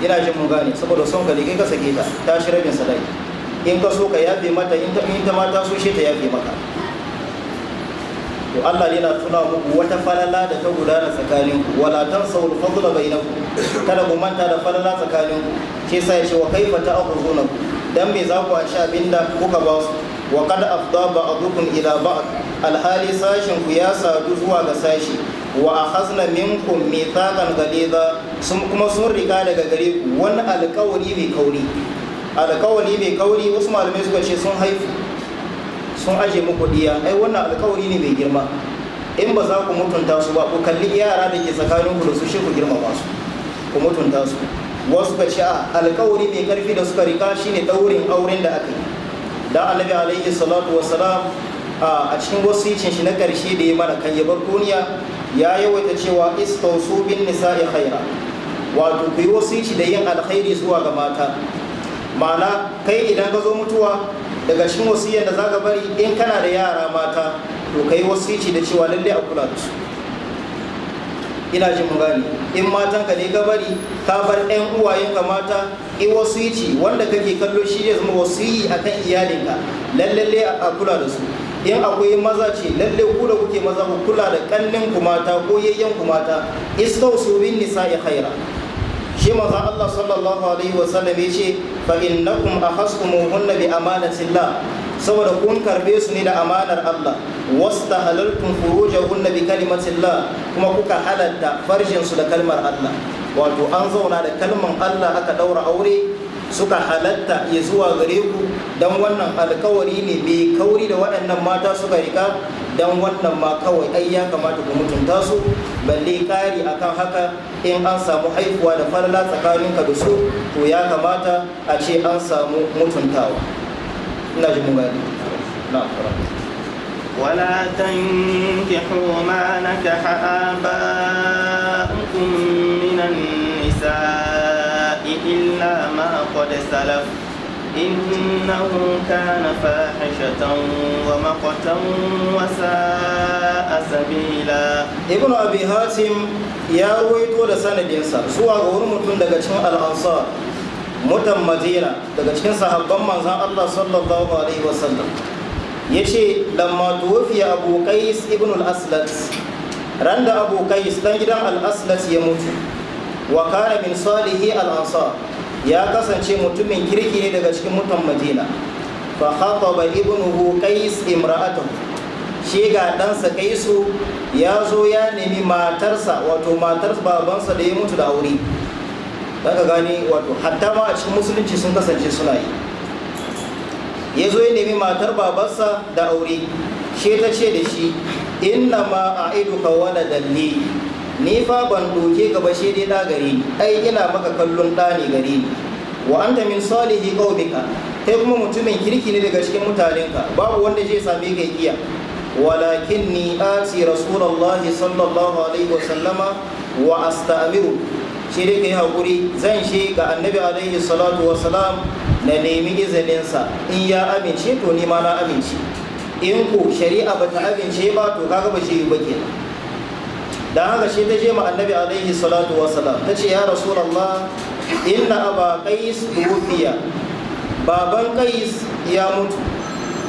[SPEAKER 2] ina jin mun gane saboda son ka da ka sake ta ta ci rabin sadaki in ka so ka yafe mata in ta mata so shi ta yafe maka to Allah yana tuna muku wata falala da ta gudana tsakanin ku wala sawul fadla bainakum kada ku manta da falala tsakanin ku shi sai shi wa kaifa ta'khuduna dan me za ku sha binda kuka ba su wa qad afda ba'dukum ila ba'd alhali sashin ku ya sadu zuwa ga sashi wa akhazna minkum mithaqan ghalidha sun kuma sun riga daga gare ku wani alkawari mai kauri alkawari mai kauri wasu malamai suka ce sun haifu sun aje muku diya ai wannan alkawari ne mai girma in ba za ku mutunta su ba ku kalli yara da ke tsakanin ku da su shi ku su ku mutunta su wasu ka ce a alkawari mai karfi da suka rika shine daurin auren da aka yi da annabi alaihi salatu wassalam a cikin wasicin shi na karshe da ya mana kan bar duniya ya yawaita cewa istausu bin nisa'i khaira wato ku yi wasici da yin alkhairi zuwa ga mata ma'ana kai idan ka zo mutuwa daga cikin wasiyyar da zaka bari in kana da yara mata to kai wasici da cewa lalle a kula da su ina jin gani in matan ka ne ka bari ka bar ɗan ka mata in wasici wanda kake kallo shi ne zama wasiyi akan iyalinka lalle a kula da su in akwai maza ce lalle ku da kuke maza ku kula da kallin ku mata ko yayyan ku mata istausu bin nisa'i khaira shi maza Allah sallallahu alaihi wasallam yace a innakum akhastumuhunna bi amanatillah saboda kun karbe su ne da amanar Allah halartun halaltum furujahunna bi kalimatillah kuma kuka halatta farjin su da kalmar Allah wato an zauna da kalmar Allah aka daura aure suka halatta ya zuwa gare ku dan wannan alkawari ne mai kauri da waɗannan mata suka rika dan wannan ma kawai ai ya kamata ku mutunta su balle kari akan haka in an samu haihuwa da falala ka da su to ya kamata a ce an samu mutuntawa ina ji mun gani na ولا
[SPEAKER 1] تنكحوا ما نكح آباؤكم من النساء إلا ما قد سلف إنه كان فاحشة ومقتا وساء
[SPEAKER 2] سبيلا ابن أبي هاتم يا رويت ولا سند ينسى سوى غرمة دقشن الأنصار mutan madina daga cikin sahabban manzan Allah sallallahu alaihi wasallam ya ce lamma tuwafiya abu ibn al-aslat ran da gidan al ya mutu wa min salihi ya kasance mutumin kirki ne daga cikin mutan madina fa khataba ibnuhu qais imra'atuhu shi ga ɗansa kaisu ya zo ya nemi matarsa wato matar babansa da ya mutu da aure daga gani wato hatta ma a cikin musulunci sun kasance suna yi ya zo ya nemi matar babansa da aure shi ta ce da shi inna ma a idu ka da dalili ni fa ban doke ka ba shi dai da gari ai ina maka kallon da ne gari wa anta min salihi qaumika kai kuma mutumin kirki ne daga cikin mutanen ka. babu wanda zai same ka iya walakinni ati rasulullahi sallallahu alaihi wa sallama wa astamiru shi dai kai hakuri zan shi ga annabi alaihi salatu wa salam na nemi izinin sa. in ya amince to ni ma na amince in ko shari'a bata amince ba to kaga ba shi ba kenan da haka shi ta je ma annabi alaihi salatu wa salam. ta ce ya rasulallah inna aba qais tuwfiya baban qais ya mutu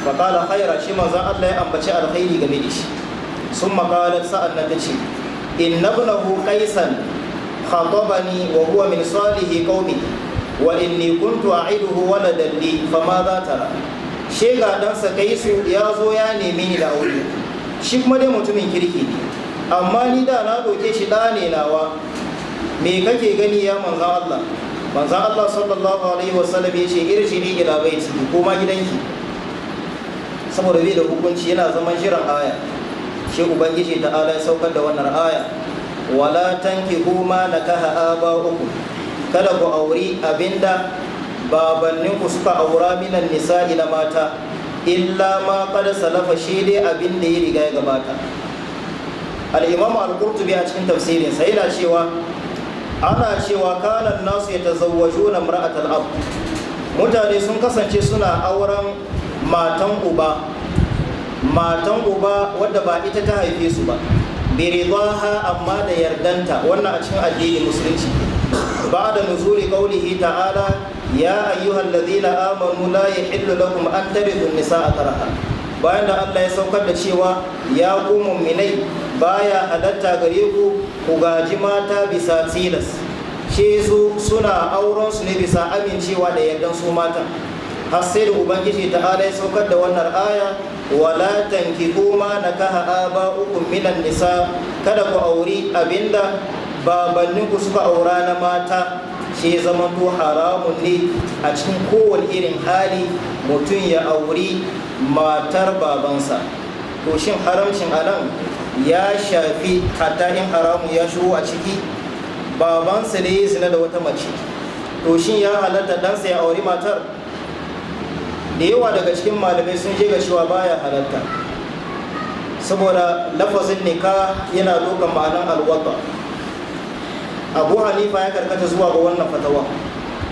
[SPEAKER 2] fa qala khaira shi manzon Allah ya ambaci alkhairi ga da shi sun maqalat sa'an nan tace inna ibnahu qaisan khatabani wa huwa min salihi qaumi wa inni kuntu a'iduhu waladan li fama za tara she ga dan sa kaisu ya zo ya nemi ni da aure shi kuma dai mutumin kirki ne amma ni da na doke shi ɗa ne nawa me kake gani ya manzan Allah manzan Allah sallallahu alaihi wasallam ya ce ni ila baiti ko ma gidanki saboda bai da hukunci yana zaman shirin aya shi ubangiji ta ala ya saukar da wannan aya wala tankihu ma nakaha uku kada ku auri abinda babannin ku suka aura minan nisa na mata illa ma qad salafa shi dai abinda ya riga ya gabata al-imam al-qurtubi a cikin tafsirin sai yana cewa ana cewa kana nasu yatazawwajuna mura'atar ab mutane sun kasance suna auren matan uba matan uba wadda ba ita ta haife su ba ha amma da yardanta wannan a cikin addini musulunci ba da nuzuri qaulihi ta'ala ya ayyuhal ladina amanu la yahillu lakum an tarithu nisaa karaha bayan da Allah ya saukar da cewa ya ku baya halatta gare ku ku gaji mata bisa tilas shi su suna auren su ne bisa amincewa da yardan su mata har sai da ubangiji ta ala ya saukar da wannan aya wala tankihu ma nakaha aba'ukum minan nisa kada ku auri abinda babanninku suka aura na mata shi ya zama to haramun ne a cikin kowane irin hali mutum ya auri matar babansa to shin haramcin anan ya shafi hatta in haramu ya shigo a ciki babansa da ya zina da wata mace to shin ya halatta ɗansa ya auri matar da yawa daga cikin malamai sun je ga cewa baya halatta saboda lafazin nika yana dokan ma'anar alwata abu hanifa ya karkata zuwa ga wannan fatawa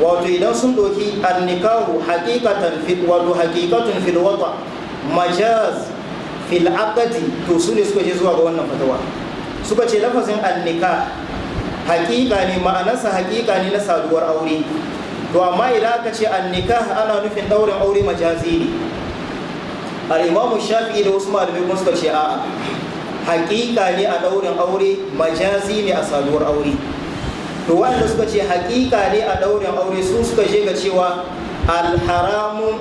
[SPEAKER 2] wato idan sun ɗauki annikahu haƙiƙatan wato haƙiƙatun fil wata majaz fil aqdi to su ne suka je zuwa ga wannan fatawa suka ce lafazin annika haƙiƙa ne ma'anarsa haƙiƙa ne na saduwar aure to amma idan aka ce annika ana nufin ɗaurin aure majazi ne al Shafi shafi'i da wasu malamai kuma suka ce a'a haƙiƙa ne a ɗaurin aure majazi ne a saduwar aure to wanda suka ce haƙiƙa ne a daurin aure su suka je ga cewa alharamu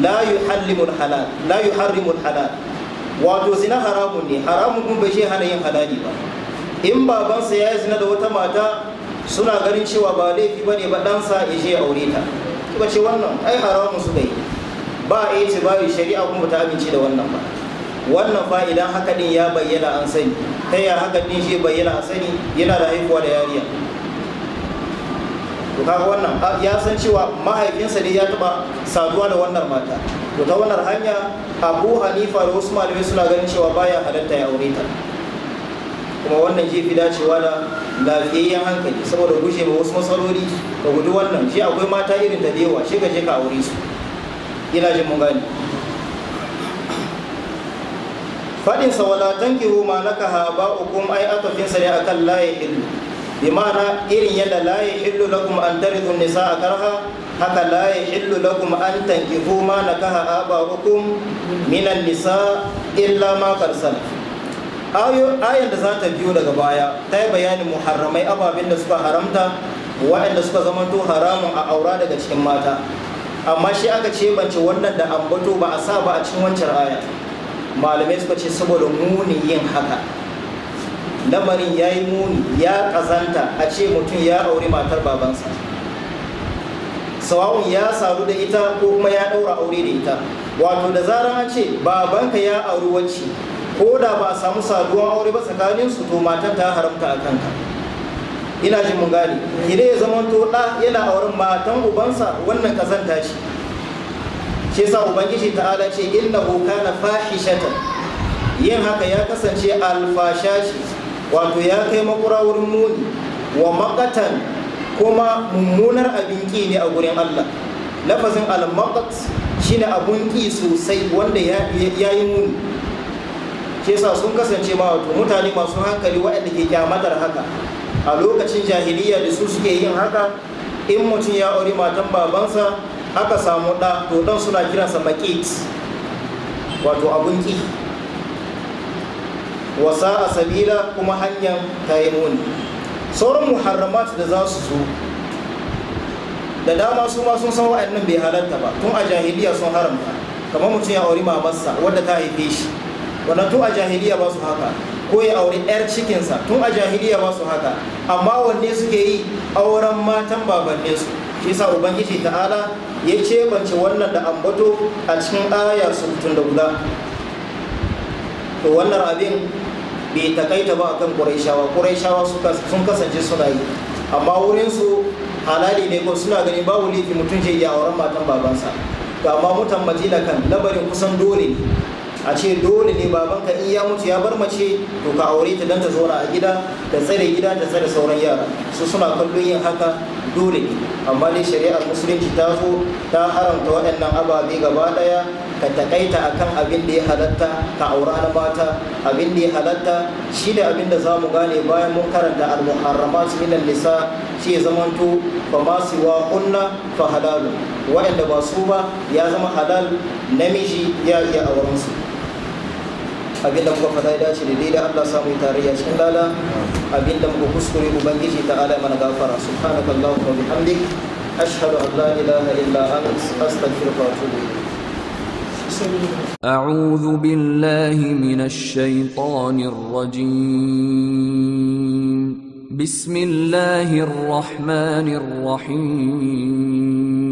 [SPEAKER 2] la yuhallimul halal la yuharrimul halal wato zina haramun ne haramun kun bai hana yin halali ba in babansa ya yi zina da wata mata suna ganin cewa ba laifi ba ne ba ɗansa ya je aure ta suka ce wannan ai haramun suka yi ba a yi tibari shari'a kuma ta amince da wannan ba wannan fa idan haka din ya bayyana an sani ta yaya haka din shi bayyana an sani yana da haihuwa da yariya to ga wannan ya san cewa mahaifinsa ne ya taba saduwa da wannan mata to ta wannan hanya abu hanifa da wasu malamai suna ganin cewa baya halatta ya aure ta kuma wannan shi fi dacewa da lafiyayyen hankali saboda guje ma wasu matsaloli da gudu wannan shi akwai mata irin ta da shi ka je ka aure su ina jin mun gani faɗinsa wala tankihu ma nakaha ba'ukum ai atafinsa ne akan la bi ma'ana irin yadda la hillu lakum an tarithu nisaa karha haka la hillu lakum an tankihu ma nakaha abarukum minan nisa illa ma qad ayan da za ta biyo daga baya ta yi bayanin muharramai ababen da suka haramta waɗanda suka zama zamanto haramun a aura daga cikin mata amma shi aka ce bance wannan da ambato ba a sa ba a cikin wancan aya malamai suka ce saboda munin yin haka lamarin ya yi muni ya kazanta, a ce mutum ya auri matar babansa sawawun ya saru da ita ko kuma ya ɗaura aure da ita wato da zarar a ce babanka ya auri wacce ko da ba a samu saduwan aure ba tsakanin su to matar ta haramta a kanka ina jin mun gane ki ya zama to ɗa yana auren matan ubansa wannan kazanta ce ke sa ubangiji ta'ala ce innahu kana fahishatan yin haka ya kasance alfasha ce wato ya kai makura wurin muni wa makatan kuma mummunar abin ƙi ne a gurin Allah lafazin al-maqat shine abun ƙi sosai wanda ya yi muni ke sa sun kasance ma wato mutane masu hankali waɗanda ke kyamatar haka a lokacin jahiliya da su suke yin haka in mutum ya auri matan babansa aka samu ɗa to ɗan suna kiransa makit wato abun ƙi wasa a sabila kuma hanyar ta sauran muharramat da za su zo da dama su ma sun san wa'annan bai halarta ba tun a jahiliya sun haramta kamar mutum ya auri mamarsa wadda ta haife shi wanda tun a jahiliya ba su haka ko ya auri 'yar cikinsa tun a jahiliya ba su haka amma wanne suke yi auren matan babanne su, shi sa ubangiji ta'ala ya ce cebance wannan da ambato a cikin aya su da guda to wannan abin bai takaita ba akan kuraishawa kuraishawa sun kasance suna yi amma wurin su halali ne ko suna ganin babu laifi mutum zai iya auren matan babansa to amma mutan madina kan labarin kusan dole ne a ce dole ne babanka in ya mutu ya bar mace to ka aure ta dan ta zauna a gida ta tsare gida ta tsare sauran yara su suna kallon yin haka dole amma dai shari'ar musulunci ta zo ta haramta waɗannan ababe gaba ɗaya ka takaita akan abin da ya halatta ka aura na mata abin da ya halatta shi da abin da za mu gane bayan mun karanta al su minan nisa shi ya to fa ma siwa kunna fa halalu waɗanda ba su ba ya zama halal namiji ya iya auren su abinda muka faɗa ya dace daidai da Allah samu tarayya cikin lala abinda muka kuskure ubangiji ta ala mana gafara subhanaka allahumma bihamdik ashhadu an la ilaha illa ant astaghfiruka wa atubu
[SPEAKER 1] أعوذ بالله من الشيطان الرجيم بسم الله الرحمن الرحيم